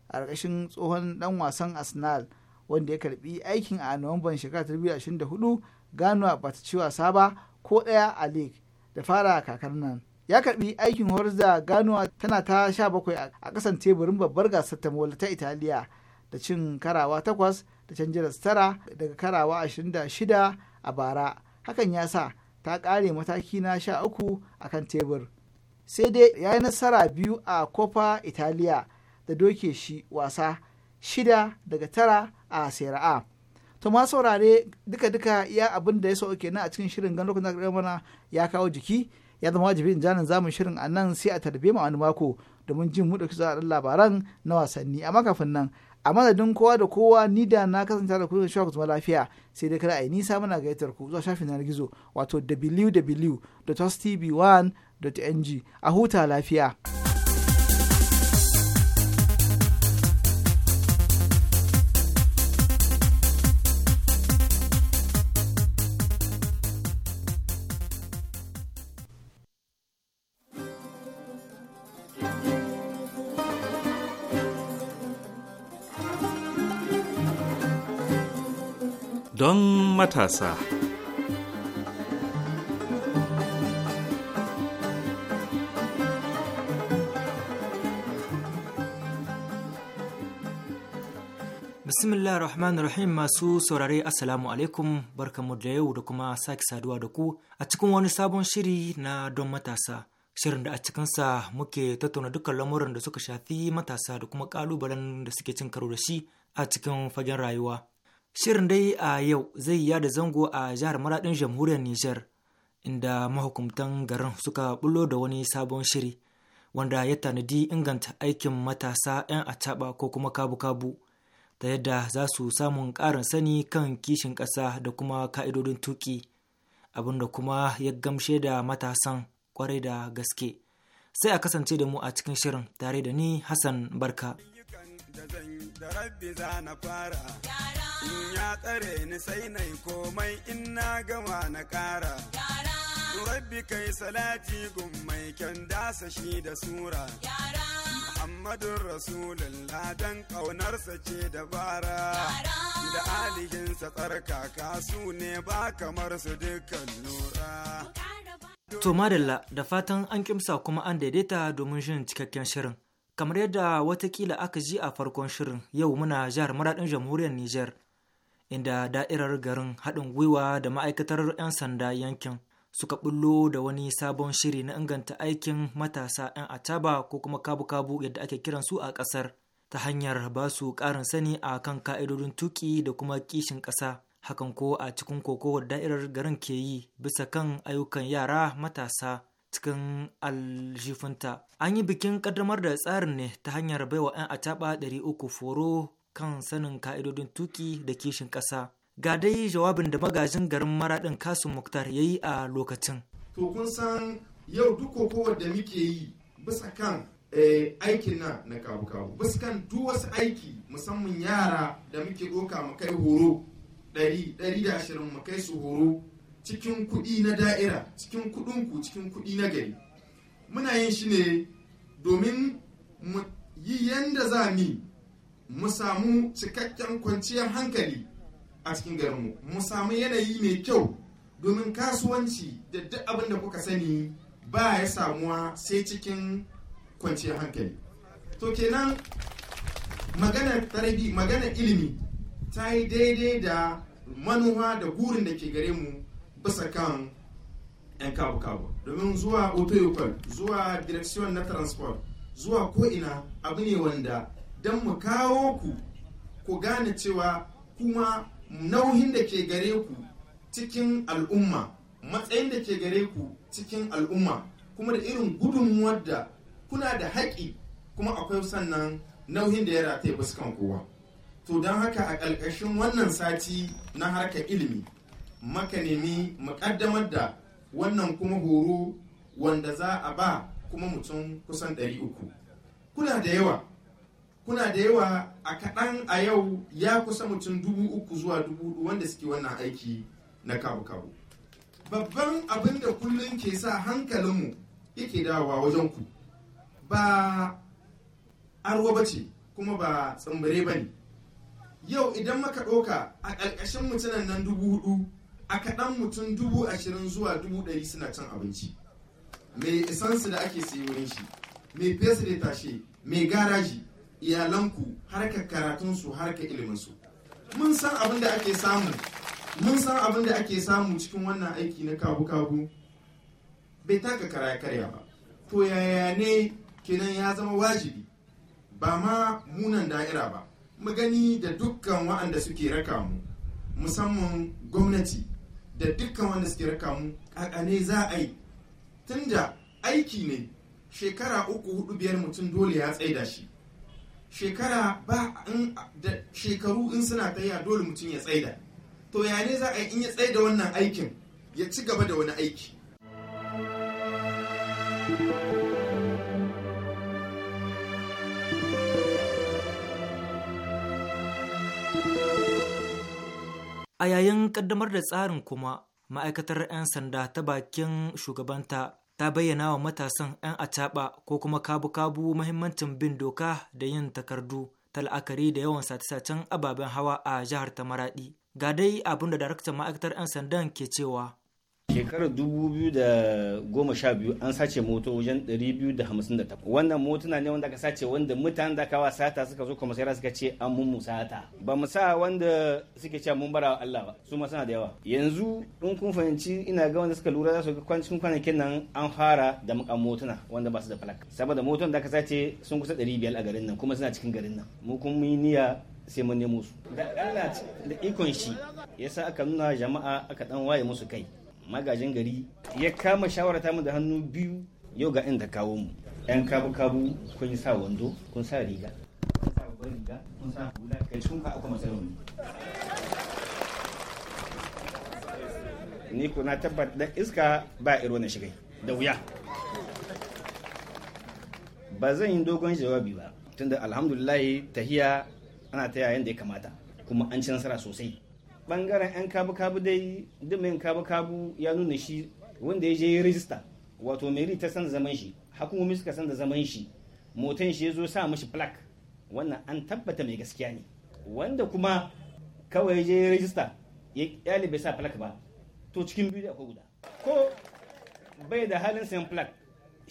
Speaker 2: ƙarƙashin tsohon dan wasan arsenal wanda ya karbi aikin a nuwamban shekara 2024 gano a bata wasa ba ko daya a league da fara kakar nan ya karbi aikin horar da gano tana ta 17 a kasan teburin babbar gasar ta mola ta italiya da cin karawa takwas da canjin tara daga karawa 26 a bara hakan ya sa ta kare mataki na 13 a kan tebur sai dai ya yi nasara biyu a kofa italiya da doke shi wasa shida daga tara a sera'a A. To ma saurare duka-duka ya abin da ya sauke na a cikin shirin gan lokacin da mana ya kawo jiki ya zama wajibi in janin zamun shirin a nan sai a tarbe ma wani mako domin jin mu da labaran na wasanni amma kafin nan a madadin kowa da kowa ni da na kasance da kuɗin shaku kuma lafiya sai dai kada a yi nisa mana gayyatar ku zuwa shafin yanar gizo wato www.tv1.ng a huta lafiya.
Speaker 5: don matasa.
Speaker 1: Bismillah rahman rahim masu saurare Assalamu alaikum barkamu da yau da kuma sake saduwa da ku a cikin wani sabon shiri na don matasa. shirin da a cikinsa muke tattauna dukkan lamuran da suka shafi matasa da kuma ƙalubalen da suke cin karo da shi a cikin fagen rayuwa. Shirin dai a yau zai yi yada zango a jihar maradin jamhuriyar Nijar, inda mahukumtan garin suka bullo da wani sabon shiri, wanda ya tanadi inganta aikin matasa 'yan acaɓa ko kuma kabu-kabu, ta yadda za su samun ƙarin sani kan kishin ƙasa da kuma ka'idodin tuƙi, abinda kuma ya gamshe da matasan kwarai da gaske. Sai a kasance da mu a cikin shirin tare da ni Hassan Barka. da zan da
Speaker 9: rabbi za na fara in ya tsare ni sai na yi komai in na gama na ƙara rabbi kai salati gun mai kyan shi da sura Muhammadun Rasulullah dan ƙaunarsa ce dabara da alihinsa tsarkaka su ne ba kamar su dukkan nura.
Speaker 1: To madalla da fatan an kimsa kuma an daidaita domin shan cikakken shirin. kamar yadda watakila aka ji a farkon shirin yau muna jihar maradin jamhuriyar niger inda da'irar garin haɗin gwiwa da ma'aikatar 'yan sanda yankin suka bullo da wani sabon shiri na inganta aikin matasa 'yan ataba ko kuma kabu-kabu yadda ake kiran su a ƙasar ta hanyar ba su ƙarin sani a kan ka'idodin tuƙi da kuma kishin ƙasa hakan ko a cikin kokowar da'irar garin ke yi bisa kan ayyukan yara matasa cikin aljifinta an yi bikin kaddamar da tsarin ne ta hanyar baiwa 'yan ataba 300 foro kan sanin ka'idodin tuki da kishin ƙasa ga dai jawabin da magajin garin maraɗin kasu muktar ya yi a lokacin
Speaker 10: to kun san yau duk kokowar da muke yi bisa kan eh, aikin nan na kabu-kabu bisa kan duk wasu aiki musamman yara da muke ɗoka mu kai horo 100 120 mu kai su horo cikin kuɗi na da'ira cikin kuɗinku cikin kuɗi na gari muna yin shi ne domin mu yi yanda za mu mu samu cikakken kwanciyar hankali a cikin garinmu mu samu yanayi mai kyau domin kasuwanci da duk abin da kuka sani ba ya samuwa sai cikin kwanciyar hankali to kenan maganar tarbi maganar ilimi ta yi daidai da manuwa da burin da ke gare mu bisa kan 'yan kabu-kabu domin zuwa otoyokon zuwa direction na transport zuwa ko'ina abu ne wanda don mu kawo ku ku gane cewa kuma nauhin da ke gare ku cikin al'umma matsayin da ke gare ku cikin al'umma kuma da irin gudunmuwar da kuna da haƙi kuma akwai sannan nauhin da ya rataye fuskan kowa to don haka a ƙarƙashin wannan sati na harkar ilimi maka nemi mu kaddamar da wannan kuma horo wanda za a ba kuma mutum kusan 300 kuna da yawa kuna da yawa a kaɗan a yau ya kusa mutum dubu uku zuwa dubu wanda suke wannan aiki na kabu-kabu babban abin da kullum ke sa hankalinmu yake dawowa wajen ku ba arwa ba ce kuma ba tsimbire ba ne yau idan maka ɗauka a ƙarƙashin mutunan nan dubu hudu a kaɗan mutum dubu ashirin zuwa dubu ɗari suna cin abinci mai isansu da ake sayi wurin shi mai fesa da tashe mai garaji iyalanku harkar karatunsu harkar iliminsu mun san abin da ake samu mun san abin da ake samu cikin wannan aiki na kabu-kabu bai taka karaya karya ba ko yaya ne kenan ya zama wajibi ba ma munan da'ira ba mu gani da dukkan wa'anda suke raka mu musamman gwamnati da dukkan wanda suke raka mu kakane za a yi Tun da aiki ne shekara uku hudu biyar mutum dole ya tsaida shi shekara ba in da shekaru in suna tayya dole mutum ya tsaida to ya za a yi in ya tsaida wannan aikin ya ci gaba da wani aiki
Speaker 1: A yayin ƙaddamar da tsarin kuma, ma'aikatar 'yan sanda ta bakin shugabanta ta bayyana wa matasan 'yan acaɓa ko kuma kabu-kabu mahimmancin bin doka da yin takardu ta la'akari da yawan sace-sacen ababen hawa a jihar ta Maraɗi. Ga dai abin da daraktan ma'aikatar 'yan sandan ke cewa.
Speaker 8: shekarar 2012 an sace moto wajen 258 wannan motuna ne wanda aka sace wanda mutanen da aka sata suka zo kuma sai suka ce an mun musata ba mu sa wanda suke cewa mun bara Allah ba su ma suna da yawa yanzu in kun fahimci ina ga wanda suka lura za su ga kwancin kwanakin nan an fara da mukan motuna wanda ba su da falaka saboda moton da aka sace sun kusa 500 a garin nan kuma suna cikin garin nan mu kun yi niyya sai mun nemo su da Allah da ikon shi yasa aka nuna jama'a aka dan waye musu kai magajin gari ya kama shawara ta mu da hannu biyu yau ga inda kawo mu yan kabu kabu kun sa wando kun sa riga kun sa babban riga kun sa hula kai sun fa akwai matsaloli ni ko na tabbata dan iska ba iro na shigai da wuya ba zan yi dogon jawabi ba tunda alhamdulillah tahiya ana ta yayin da ya kamata kuma an ci nasara sosai bangaren 'yan kabu-kabu dai duk mai kabu-kabu ya nuna shi wanda ya je ya rijista wato mai ta san zaman shi hakumomi suka san da zaman shi motan shi ya zo sa mashi plak wannan an tabbata mai gaskiya ne wanda kuma kawai ya je ya rijista ya kyale bai sa plak ba to cikin biyu da akwai guda ko bai da halin sayan plak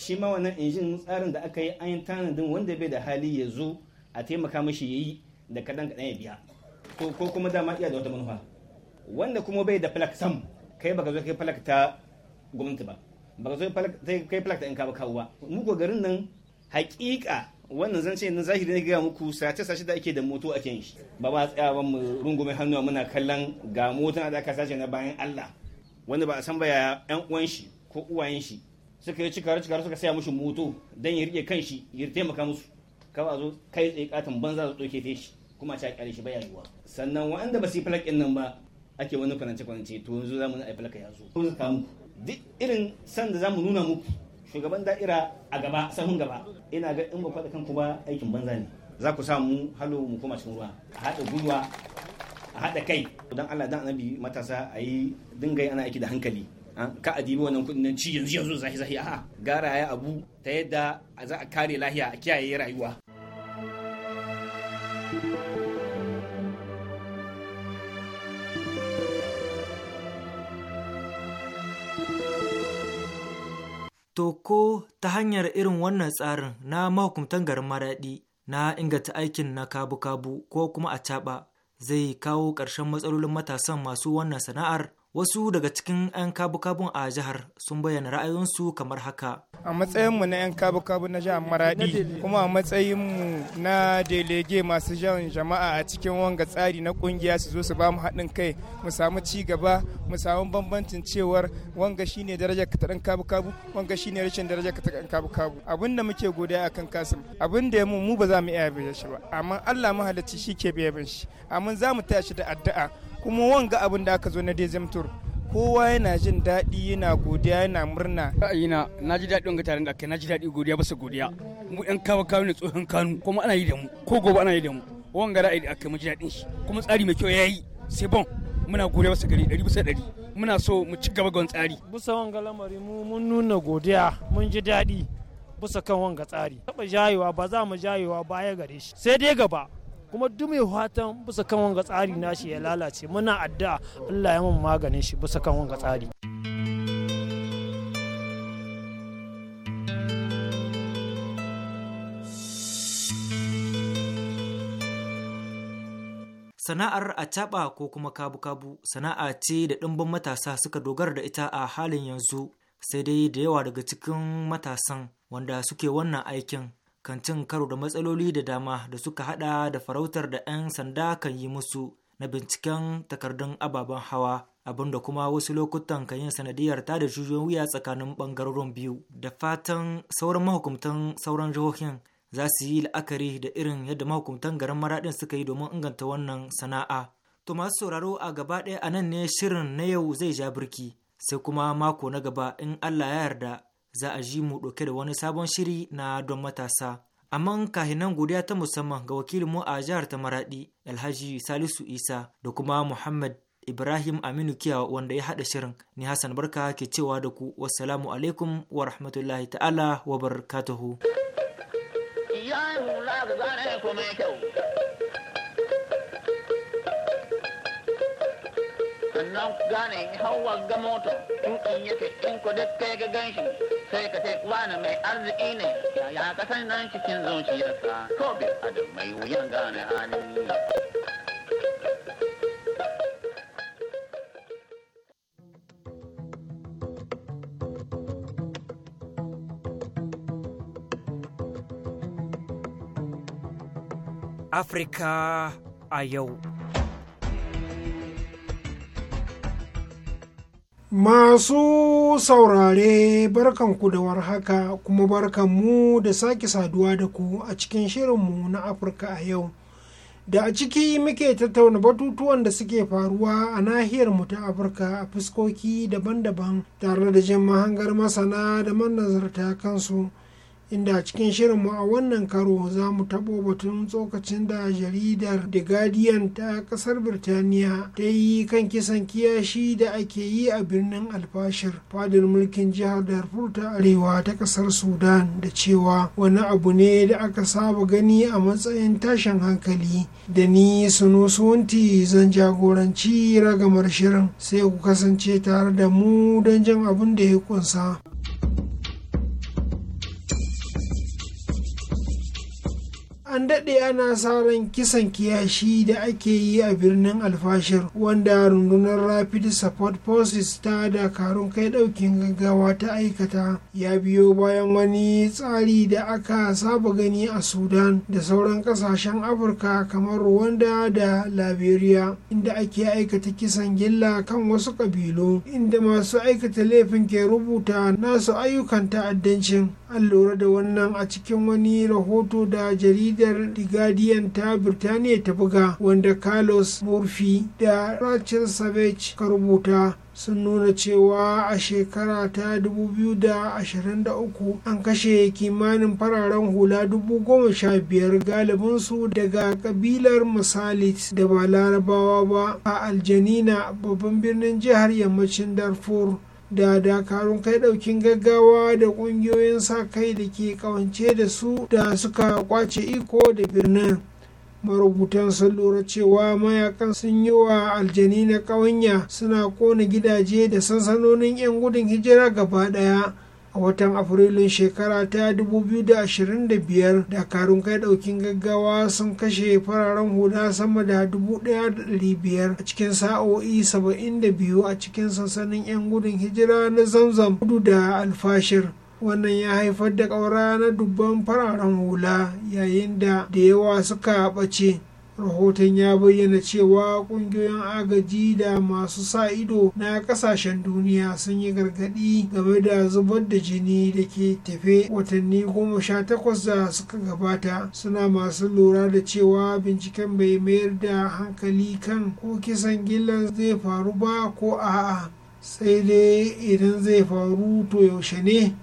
Speaker 8: shi ma wannan injin tsarin da aka yi an yi tanadin wanda bai da hali ya zo a taimaka mashi ya yi da kaɗan kaɗan ya biya ko kuma dama iya da wata manufa wanda kuma bai da falak sam kai baka zo kai falak ta gwamnati ba baka zo kai falak ta in ka ba kawo ba mu ko garin nan hakika wannan zan ce na zahiri ne ga muku sace sace da ake da moto ake yin shi ba ba tsayawa mu rungume hannuwa muna kallon ga motan da aka sace na bayan Allah wanda ba a san ba ya yan uwan shi ko uwayen shi suka yi cikar cikar suka saya mushi moto dan ya rike kan shi ya taimaka musu kawai a zo kai tsaye katin banza su doke ta shi kuma a ci a kyale shi ba yayuwa sannan wanda ba su yi falakin nan ba ake wani kwanance kwanance to yanzu za mu na falaka ya zo duk irin san da za mu nuna muku shugaban da'ira a gaba sahun gaba ina ga in ba faɗa kanku ba aikin banza ne za ku samu halo mu koma cikin ruwa a haɗa gwiwa a haɗa kai don Allah dan annabi matasa a yi dinga ana aiki da hankali ka a dibi wannan kuɗin nan ci yanzu yanzu zahi zahi a'a gara ya abu ta yadda za a kare lahiya a kiyaye rayuwa
Speaker 1: To ko ta hanyar irin wannan tsarin na mahukuntan garin maraɗi na inganta aikin na kabu-kabu ko kuma a caɓa zai kawo ƙarshen matsalolin matasan masu wannan sana'ar Wasu daga cikin 'yan kabu-kabun a jihar sun bayyana ra'ayinsu kamar haka.
Speaker 11: A matsayinmu na 'yan kabu-kabu na jihar Maradi kuma a matsayinmu na delege masu jan jama'a a cikin wanga tsari na kungiya su zo su ba mu haɗin kai mu samu ci gaba mu samu bambancin cewar wanga shine daraja ka ɗan kabu-kabu wanga shine rashin daraja ka ɗan kabu-kabu abin da muke godiya akan kasim abin da ya mu mu ba za mu iya biya shi ba amma Allah mahalicci shi ke biya shi amma za mu tashi da addu'a
Speaker 8: kuma wanga abin da
Speaker 11: aka zo na dezem tour
Speaker 8: kowa yana jin daɗi yana godiya yana murna ra'ayina na ji daɗi wanga taron da aka na ji daɗi godiya basa godiya mu ɗan kawo kawo ne tsohon kanu kuma ana yi da mu ko gobe ana yi da mu wanga ra'ayi da aka mu ji daɗin shi kuma tsari mai kyau yayi sai bon muna godiya wasu gari ɗari bisa ɗari muna so mu ci gaba ga wani tsari. bisa wanga lamari mu mun nuna godiya mun ji daɗi bisa kan wanga tsari taɓa jayewa ba za mu
Speaker 1: jayewa baya gare shi sai dai gaba kuma duk mai fatan bisa kan wanga tsari shi ya lalace muna addu'a Allah ya mun maganin shi bisa kan wanga tsari Sana'ar a taba ko kuma kabu-kabu sana'a ce da ɗimbin matasa suka dogara da ita a halin yanzu sai dai da yawa daga cikin matasan wanda suke wannan aikin kan cin karo da matsaloli da dama da suka hada da farautar da 'yan sanda kan yi musu na binciken takardun ababen hawa abinda kuma wasu lokutan kan yin sanadiyar ta da jujuyan wuya tsakanin ɓangarorin biyu da fatan sauran mahukuntan sauran jihohin za su yi la'akari da irin yadda mahukuntan garin maraɗin suka yi domin inganta wannan sana'a to masu sauraro a gaba ɗaya a nan ne shirin na yau zai ja birki sai kuma mako na gaba in allah ya yarda za a ji mu ɗauke da wani sabon shiri na don matasa. amma kahinan godiya ta musamman ga wakilin mu a jihar ta Maraɗi, alhaji salisu isa da kuma muhammad ibrahim aminu kiyawa wanda ya haɗa shirin ni hassan barka ke cewa da ku wassalamu alaikum wa rahmatullahi ta'ala wa barakatuhu
Speaker 12: ya ga zane kuma kyau
Speaker 13: donc gane hau wagga ganshi sai ka sai mai arziki ne ya ka san nan cikin
Speaker 9: ko bi adam mai wuyan gane
Speaker 1: a yau.
Speaker 11: Masu saurare barkan ku da warhaka kuma barkan mu da sake saduwa da ku a cikin shirinmu na Afirka a yau. Da a ciki muke tattauna batutuwan da suke faruwa a nahiyar mu ta Afirka a fuskoki daban-daban tare da jin mahangar masana da manazarta kansu. inda a cikin shirinmu a wannan karo za mu taɓo batun tsokacin da jaridar the guardian ta ƙasar birtaniya ta yi kan kisan kiyashi da ake yi a birnin alfashir fadar mulkin jihar darfur ta arewa ta ƙasar sudan da cewa wani abu ne da aka saba gani a matsayin tashin hankali da ni suno sunti zan jagoranci ragamar shirin sai ku kasance tare da mu don jin abin da ya kunsa. an daɗe ana sa ran kisan kiyashi da ake yi a birnin alfashir wanda rundunar rapid support forces ta dakarun kai ɗaukin gaggawa ta aikata ya biyo bayan wani tsari da aka saba gani a sudan da sauran ƙasashen afirka kamar rwanda da liberia inda ake aikata kisan gilla kan wasu ƙabilu inda masu aikata laifin ke rubuta nasu ayyukan ta'addancin an lura da wannan a cikin wani rahoto da jaridar the guardian ta birtaniya ta buga wanda carlos murphy da rachel savage ka rubuta sun nuna cewa a shekara ta 2023 an kashe kimanin fararen hula 15,000 galibinsu daga kabilar musalit da ba larabawa ba a aljanina babban birnin jihar yammacin darfur da dakarun kai daukin gaggawa da kungiyoyin sa kai da ke kawance da su da suka kwace iko da birnin marubutan sun lura cewa mayakan sun yi wa aljani na ƙawanya suna kona gidaje da sansanonin 'yan gudun hijira gaba daya. a watan afrilun shekara ta 2025 dakarun kai daukin gaggawa sun kashe fararen hula sama da 1,500 a cikin sa'o'i 72 a cikin sansanin 'yan gudun hijira na zamzam kudu da alfashir wannan ya haifar da ƙaura na dubban fararen hula yayin da da yawa suka ɓace rahoton ya bayyana cewa kungiyoyin agaji da masu sa ido na kasashen duniya sun yi gargadi game da zubar da jini da ke tafe watanni goma sha takwas da suka gabata suna masu lura da cewa binciken bai mayar da hankali kan ko kisan gillan zai faru ba ko a'a sai dai idan zai faru to yaushe ne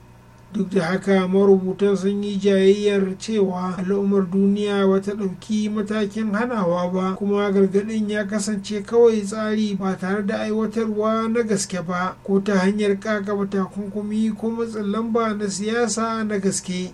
Speaker 11: duk da haka marubutan sun yi jayayyar cewa al'ummar duniya ba ta ɗauki matakin hanawa ba kuma gargaɗin ya kasance kawai tsari ba tare da aiwatarwa na gaske ba ko ta hanyar kaka takunkumi ko matsin lamba na siyasa na gaske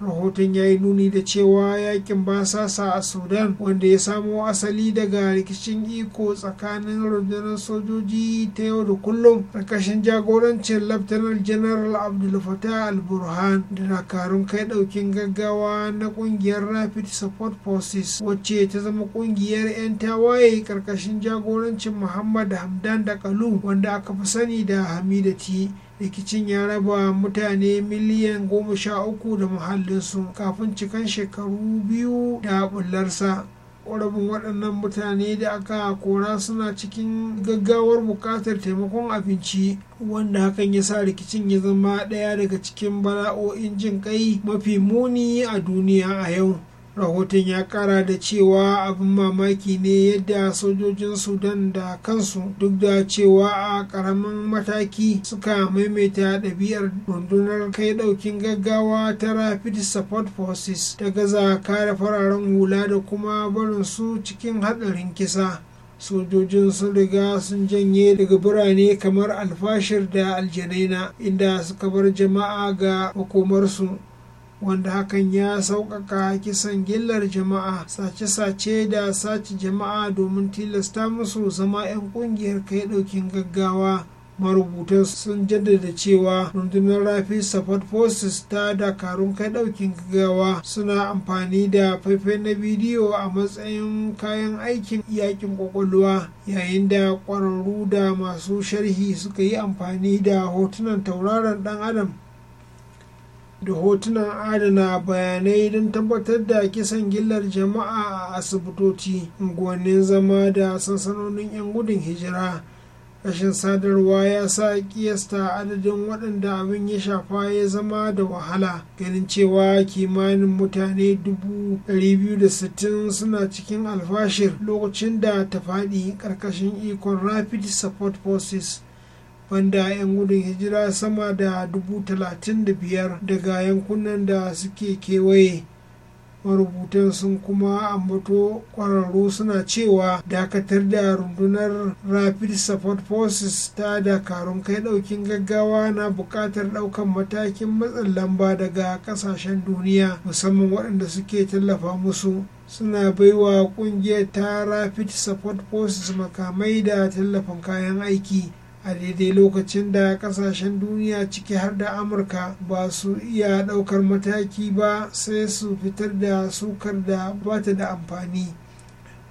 Speaker 11: rahoton ya yi nuni da cewa yakin basasa a sudan wanda ya samo asali daga rikicin iko tsakanin rundunar sojoji ta yau da kullum ƙarƙashin jagorancin laftanar general abdul fatah al-burhan da dakarun kai ɗaukin gaggawa na ƙungiyar rapid support forces wacce ta zama ƙungiyar 'yan tawaye ƙarƙashin jagorancin muhammad hamdan da kalu wanda aka fi sani da hamidati rikicin ya raba mutane miliyan goma sha uku da muhallinsu kafin cikan shekaru biyu da bullarsa rabin waɗannan mutane da aka kora suna cikin gaggawar buƙatar taimakon abinci wanda hakan ya sa rikicin ya zama ɗaya daga cikin bala'o'in jin ƙai mafi muni a duniya a yau rahoton ya kara da cewa abin mamaki ne yadda sojojin sudan da kansu duk da cewa a karamin mataki suka maimaita ɗabi'ar rundunar kai ɗaukin gaggawa ta rapid support forces ta gaza kare fararen hula da kuma barin su cikin hadarin kisa sojojin sun riga sun janye daga birane kamar alfashir da aljanaina inda suka bar jama'a ga hukumarsu wanda hakan ya sauƙaƙa kisan gillar jama'a sace-sace da sace jama'a domin tilasta musu zama 'yan ƙungiyar kai ɗaukin gaggawa marubutan sun jaddada cewa rundunar rafi support forces ta dakarun kai ɗaukin gaggawa suna amfani da faifai na bidiyo a matsayin kayan aikin yakin kwakwalwa yayin da kwararru da masu sharhi suka yi amfani da hotunan tauraron ɗan adam da hotunan adana bayanai don tabbatar da kisan gillar jama'a a asibitoci unguwannin zama da sansanonin 'yan gudun hijira rashin sadarwa ya sa kiyasta adadin waɗanda abin ya shafa ya zama da wahala ganin cewa kimanin mutane 260 suna cikin alfashir lokacin da ta faɗi ƙarƙashin ikon rapid support forces wanda 'yan gudun hijira sama da dubu talatin da biyar daga yankunan da suke kewaye marubutan sun kuma ambato kwararru suna cewa dakatar da rundunar rapid support forces ta dakarun kai daukin gaggawa na bukatar daukan matakin matsin lamba daga kasashen duniya musamman waɗanda suke tallafa musu suna baiwa kungiyar ta rapid support forces makamai da tallafin kayan aiki a daidai lokacin da kasashen duniya ciki har da amurka ba su iya ɗaukar mataki ba sai su fitar da sukar da bata da amfani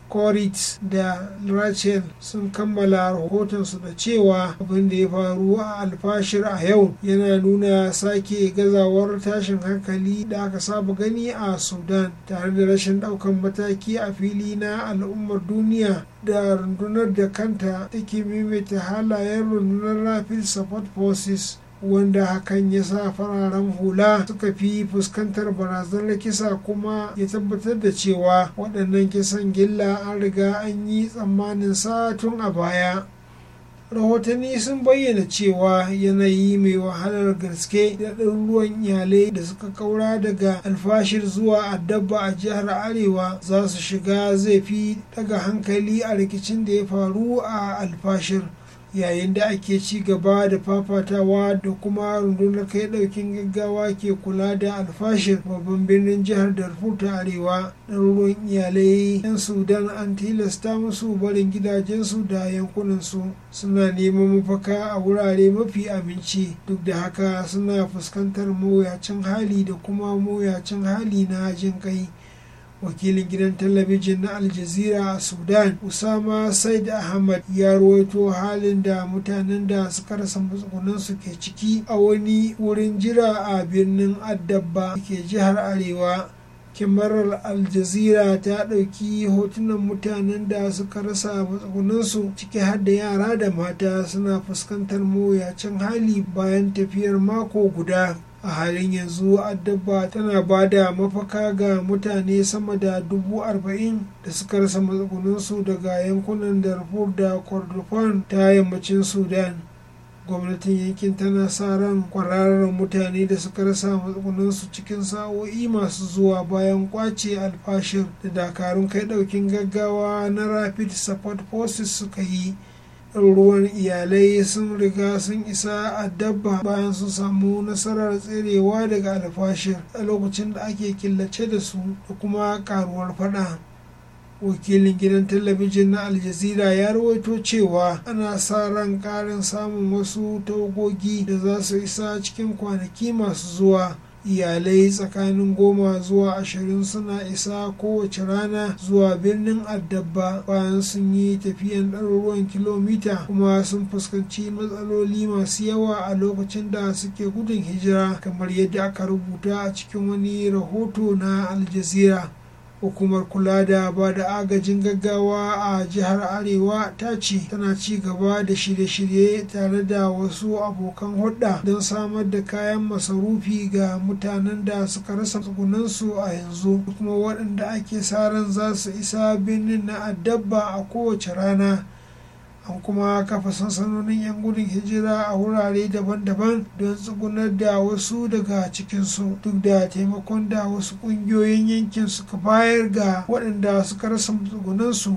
Speaker 11: Koritz da Rachel sun kammala rahotonsu da cewa abin da ya faru a alfashir a yau yana nuna sake gazawar tashin hankali da aka saba gani a Sudan tare da rashin daukan mataki a fili na al'ummar duniya da rundunar da kanta take maimaita halayen rundunar Rapid Support Forces wanda hakan ya sa fararen hula suka fi fuskantar barazanar kisa kuma ya tabbatar da cewa waɗannan kisan gilla an riga an yi tsammanin satun a baya rahotanni sun bayyana cewa yanayi mai wahalar gaske da ɗaruruwan iyalai da suka kaura daga alfashir zuwa addabba a jihar arewa za su shiga zai fi daga hankali a rikicin da ya faru a alfashir yayin da ake ci gaba da fafatawa da kuma rundunar kai daukin gaggawa ke kula da alfashin babban birnin jihar darfur ta arewa ɗaruruwan iyalai 'yan sudan an tilasta musu barin gidajensu da yankunansu suna neman mafaka a wurare mafi abinci, duk da haka suna fuskantar mawuyacin hali da kuma mawuyacin hali na jin kai wakilin gidan talabijin na aljazira a sudan usama said ahmad ya ruwaito halin da mutanen da suka rasa matsugunansu ke ciki a wani wurin jira a birnin addabba ke jihar arewa kimarar aljazira ta ɗauki hotunan mutanen da suka rasa matsugunansu ciki har yara da mata suna fuskantar mawuyacin hali bayan tafiyar mako guda a halin yanzu addabba tana ba da mafaka ga mutane sama da dubu arba'in da suka rasa matsugunansu daga yankunan darfur da kordofan ta yammacin sudan gwamnatin yankin tana sa ran kwararren mutane da suka rasa matsugunansu cikin sa'o'i masu zuwa bayan kwace alfashin. da dakarun kai daukin gaggawa na rapid support forces suka yi ruwan iyalai sun riga sun isa a dabba bayan sun samu nasarar tserewa daga alfashir a lokacin da ake killace da su da kuma karuwar fada wakilin gidan talabijin na aljazira ya rawaito cewa ana sa ran karin samun wasu tagogi da za su isa cikin kwanaki masu zuwa iyalai tsakanin goma zuwa ashirin suna isa kowace rana zuwa birnin addabba bayan sun yi tafiyan ɗaruruwan kilomita kuma sun fuskanci matsaloli masu yawa a lokacin da suke gudun hijira kamar yadda aka rubuta a cikin wani rahoto na aljazeera hukumar kula da ba da agajin gaggawa a jihar arewa ta ce tana ci gaba da shirye-shirye tare da wasu abokan hudda don samar da kayan masarufi ga mutanen da suka rasa tsugunansu a yanzu kuma waɗanda ake sa ran za su isa birnin na addabba a kowace rana an kuma kafa sansanonin 'yan gudun hijira a wurare daban-daban don tsugunar da wasu daga cikinsu duk da taimakon da wasu ƙungiyoyin yankin suka bayar ga waɗanda suka rasa tsugunansu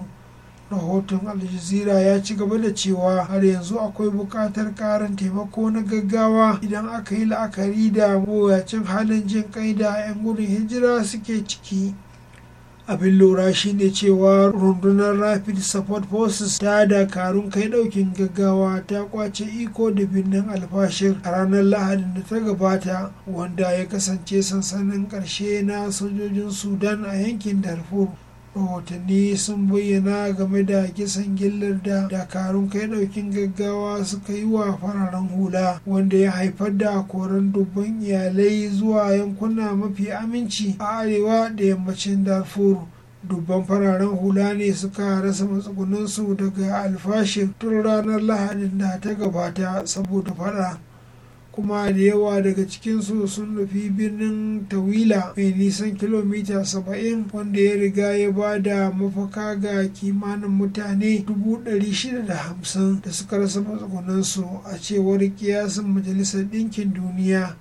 Speaker 11: rahoton Aljazeera ya ci gaba da cewa har yanzu akwai buƙatar ƙarin taimako na gaggawa idan aka yi la'akari da mawuyacin halin jin kai da 'yan gudun hijira suke ciki abin lura shine cewa rundunar rapid support forces ta dakarun kai daukin gaggawa ta kwace iko da birnin alfashir a ranar lahadin da ta gabata wanda ya kasance sansanin karshe na sojojin sudan a yankin darfur rahotanni sun bayyana game da kisan gillar da dakarun kai daukin gaggawa suka yi wa fararen hula wanda ya haifar da koran dubban iyalai zuwa yankuna mafi aminci a arewa da yammacin darfur dubban fararen hula ne suka rasa matsugunansu daga alfashin tun ranar lahadin da ta gabata saboda fada kuma da yawa daga cikinsu sun nufi birnin tawila mai nisan kilomita 70 wanda ya riga ya ba da mafaka ga kimanin mutane 650 da suka rasa matsugunansu a cewar kiyasin majalisar ɗinkin duniya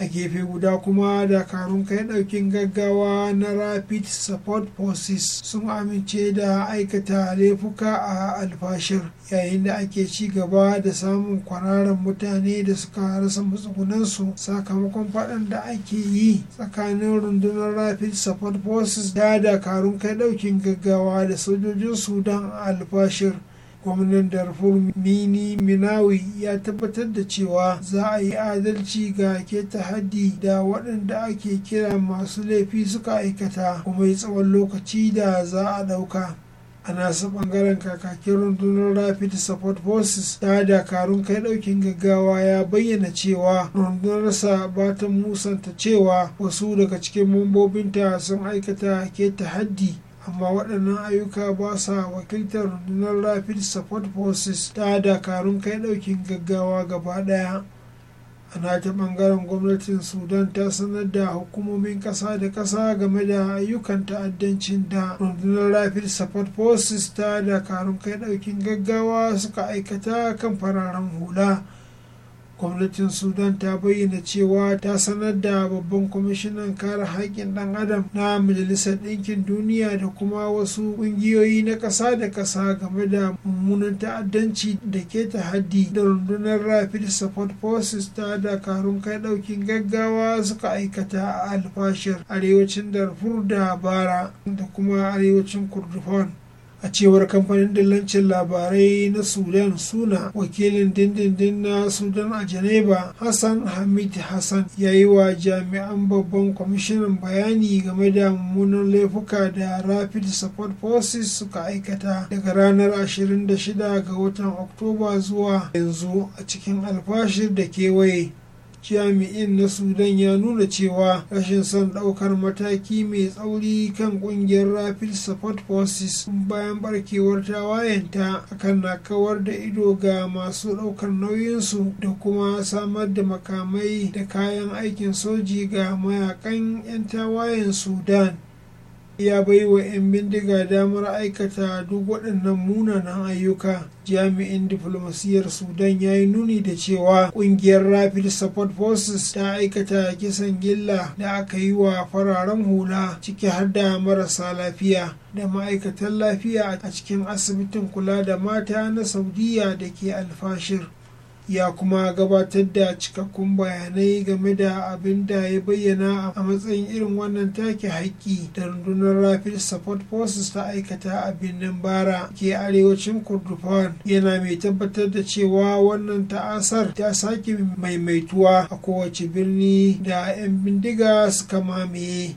Speaker 11: a gefe guda kuma dakarun kai daukin gaggawa na rapid support forces sun amince da aikata laifuka a alfashir yayin da ake ci gaba da samun kwararan mutane da suka rasa matsugunansu sakamakon faɗan da ake yi tsakanin rundunar rapid support forces da dakarun kai daukin gaggawa da sojojin sudan alfashir gwamnan darfur mini minawi ya tabbatar da cewa za a yi adalci ga keta haddi da waɗanda ake kira masu laifi suka aikata kuma yi tsawon lokaci da za a ɗauka a nasu ɓangaren kakakin rundunar rapid support forces ta dakarun kai ɗaukin gaggawa ya bayyana cewa rundunarsa ba ta musanta cewa wasu daga cikin mambobinta sun aikata ke haddi. amma waɗannan ayyuka ba sa wakiltar rundunar rapid support forces ta dakarun kai ɗaukin gaggawa gaba ɗaya a nata ɓangaren gwamnatin sudan ta sanar da hukumomin ƙasa da ƙasa game da ayyukan ta'addancin da rundunar rapid support forces ta dakarun kai ɗaukin gaggawa suka aikata kan fararen hula. gwamnatin sudan ta bayyana cewa ta sanar da babban kwamishinan kare haƙƙin ɗan adam na majalisar ɗinkin duniya da kuma wasu ƙungiyoyi na ƙasa da ƙasa game da mummunan ta'addanci da ke haddi da rundunar rapid support forces ta dakarun kai ɗaukin gaggawa suka aikata a alfashir arewacin darfur da bara da kuma arewacin kurdufan a cewar kamfanin dillancin labarai na sudan suna wakilin dindindin na sudan a geneva hassan hamid hassan ya yi wa jami'an babban kwamishinan bayani game da mummunan laifuka da rapid support forces suka aikata daga ranar 26 ga watan oktoba zuwa yanzu a cikin alfashir da kewaye jami'in na sudan ya nuna cewa rashin son daukar mataki mai tsauri kan kungiyar rapid support forces bayan barkewar tawayenta akan na kawar da ido ga masu daukar nauyinsu da kuma samar da makamai da kayan aikin soji ga mayakan 'yan tawayen sudan ya bai wa 'yan bindiga damar aikata duk waɗannan munanan ayyuka jami'in diflomasiyyar sudan ya yi nuni da cewa ƙungiyar rapid support forces ta aikata kisan gilla da aka yi wa fararen hula ciki har da marasa lafiya da ma'aikatan lafiya a cikin asibitin kula da mata na saudiya da ke alfashir ya kuma gabatar da cikakkun bayanai game da abin da ya bayyana a matsayin irin wannan take haƙƙi da rundunar rapid support forces ta aikata a birnin bara ke arewacin kurdufan yana mai tabbatar da cewa wannan ta'asar ta sake maimaituwa a kowace birni da 'yan bindiga suka mamaye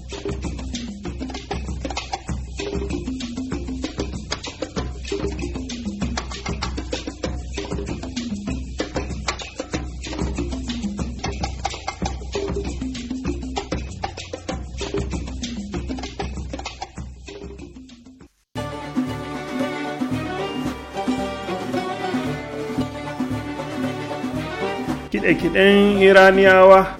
Speaker 9: kide-kiden iraniyawa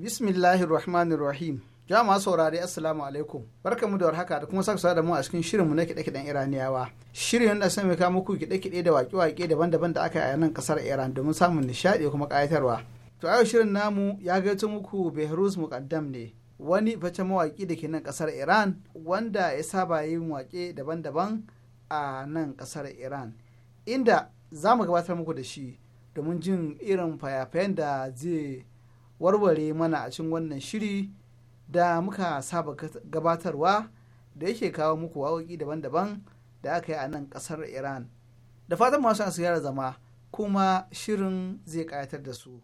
Speaker 2: bismillahir jama'a saurari assalamu alaikum barkamu da warhaka da kuma saka da mu a cikin shirinmu na kiɗe-kiɗen iraniyawa shirin da sai mai kama muku kiɗe-kiɗe da waƙe-waƙe daban-daban da aka yi a nan ƙasar iran domin samun nishaɗi kuma kayatarwa. to yau shirin namu ya gaito muku behruz muqaddam ne wani bace mawaki da ke nan ƙasar iran wanda ya saba yin waƙe daban-daban a nan kasar iran inda za mu gabatar muku da shi domin jin irin fayafayen da zai warware mana a cikin wannan shiri da muka saba gabatarwa da yake kawo muku waƙoƙi daban-daban da aka yi a nan kasar iran da fatan masu ziyara zama kuma shirin zai ƙayatar da su.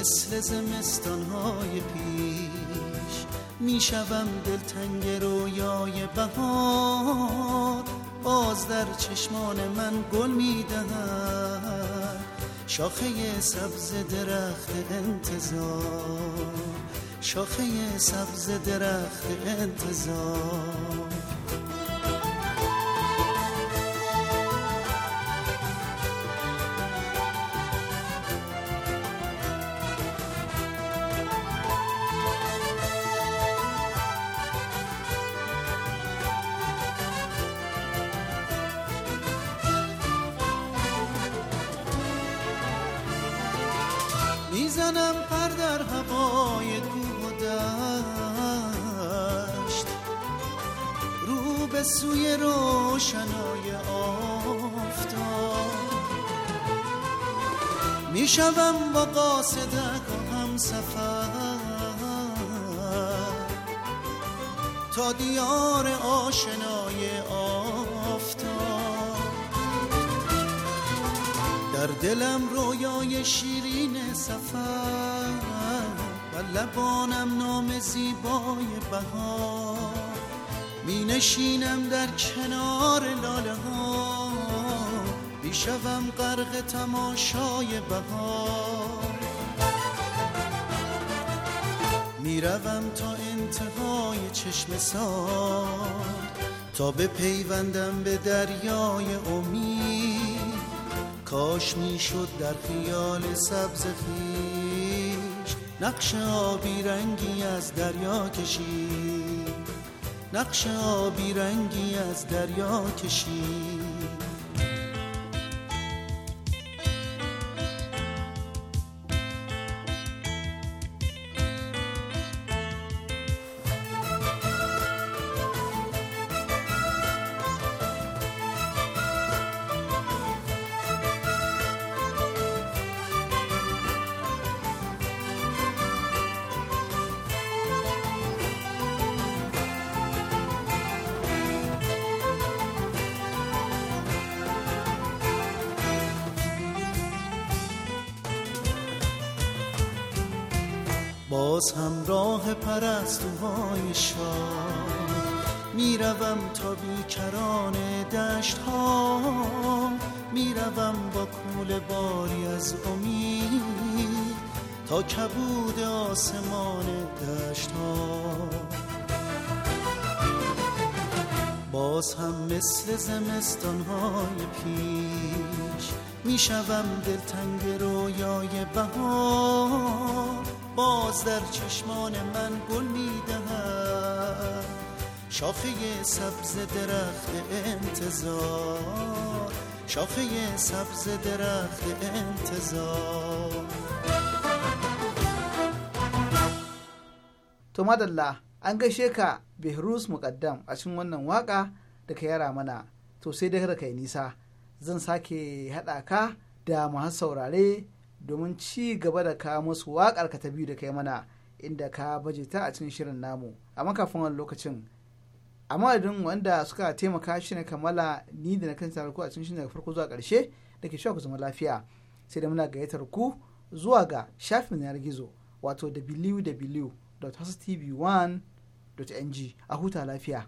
Speaker 14: مثل زمستان های پیش میشوم دلتنگ رویای بهار باز در چشمان من گل میدهد شاخه سبز درخت انتظار شاخه سبز درخت انتظار به سوی روشنای آفتاب میشوم با قاصدک هم سفر تا دیار آشنای آفتاب در دلم رویای شیرین سفر و لبانم نام زیبای بهار می نشینم در کنار لاله ها می شوم غرق تماشای بهار می تا انتهای چشم سار تا به پیوندم به دریای امید کاش می در خیال سبز خیش نقش آبی رنگی از دریا کشید نقش آبی رنگی از دریا کشید پرستوهای شاه میروم تا بیکران دشت ها میروم با کول باری از امید تا کبود آسمان دشت ها باز هم مثل زمستان های پیش میشوم دلتنگ رویای بهار باز در چشمان من گل میدهد شاخه سبز درخت انتظار شاخه سبز درخت انتظار تو madalla
Speaker 2: an gaishe ka behrus muqaddam a cikin wannan waka da ka yara mana to sai dai kada kai nisa zan sake haɗa ka da masu saurare domin ci gaba da ka musu waƙar ka ta biyu da kai mana inda ka baje ta a cikin shirin namu amma kafin wani lokacin a madadin wanda suka taimaka shi na kammala ni da na kan ku a cikin shirin daga farko zuwa ƙarshe da ke ku zama lafiya sai da muna gayyatar ku zuwa ga shafin yanar gizo wato www.hostv1.ng a huta lafiya.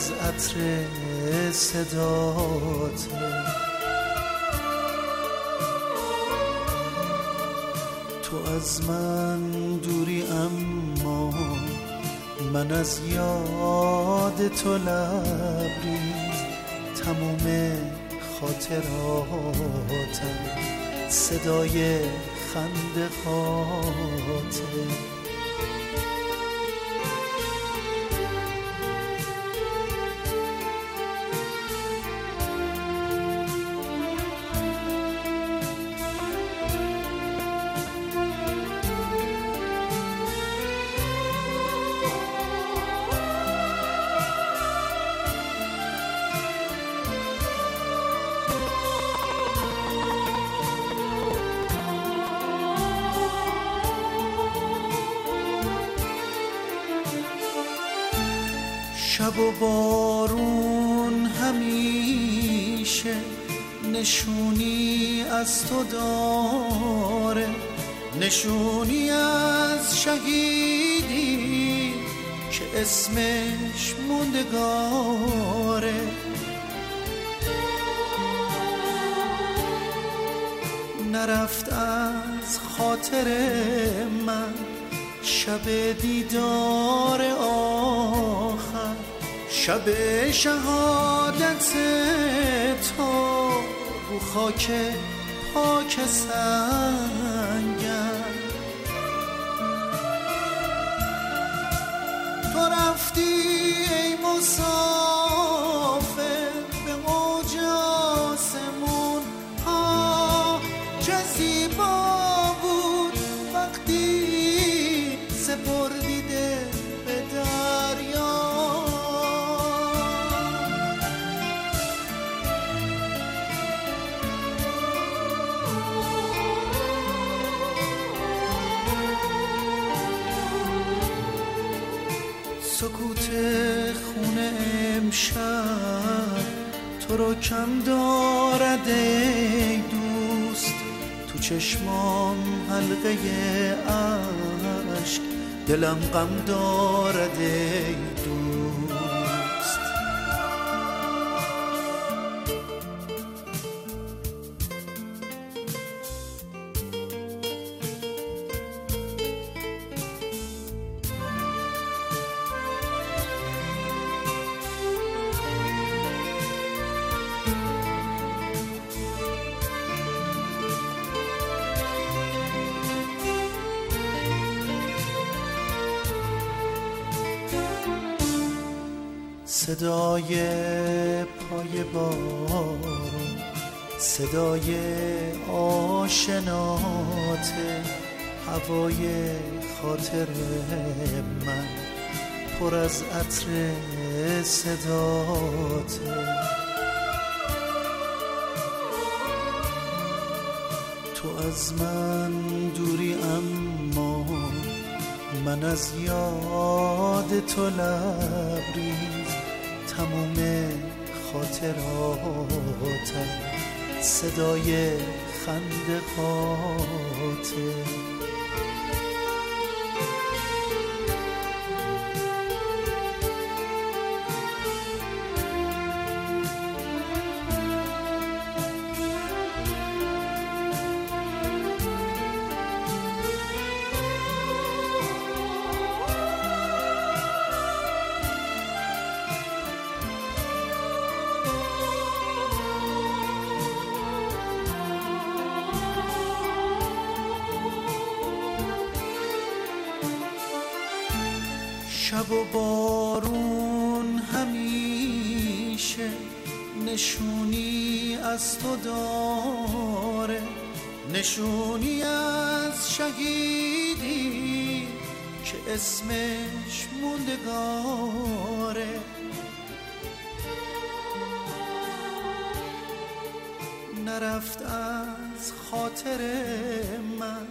Speaker 14: از عطر صدات تو از من دوری اما من از یاد تو لبریز تموم خاطراتم صدای خنده خاطر شب دیدار آخر شب شهادت تو رو خاک پاک سنگم تو رفتی ای موسی کم دارد ای دوست تو چشمام حلقه اشک دلم غم دارد ای هوای خاطر من پر از عطر صدات تو از من دوری اما من از یاد تو لبریز تمام خاطراتم صدای خنده خاطر نشونی از تو داره نشونی از شهیدی که اسمش موندگاره نرفت از خاطر من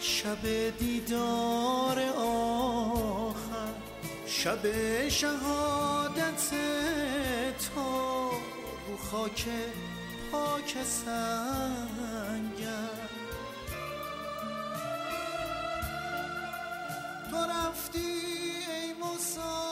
Speaker 14: شب دیدار آخر شب شهادت تو او خاک پاک سنگ تو رفتی ای موسی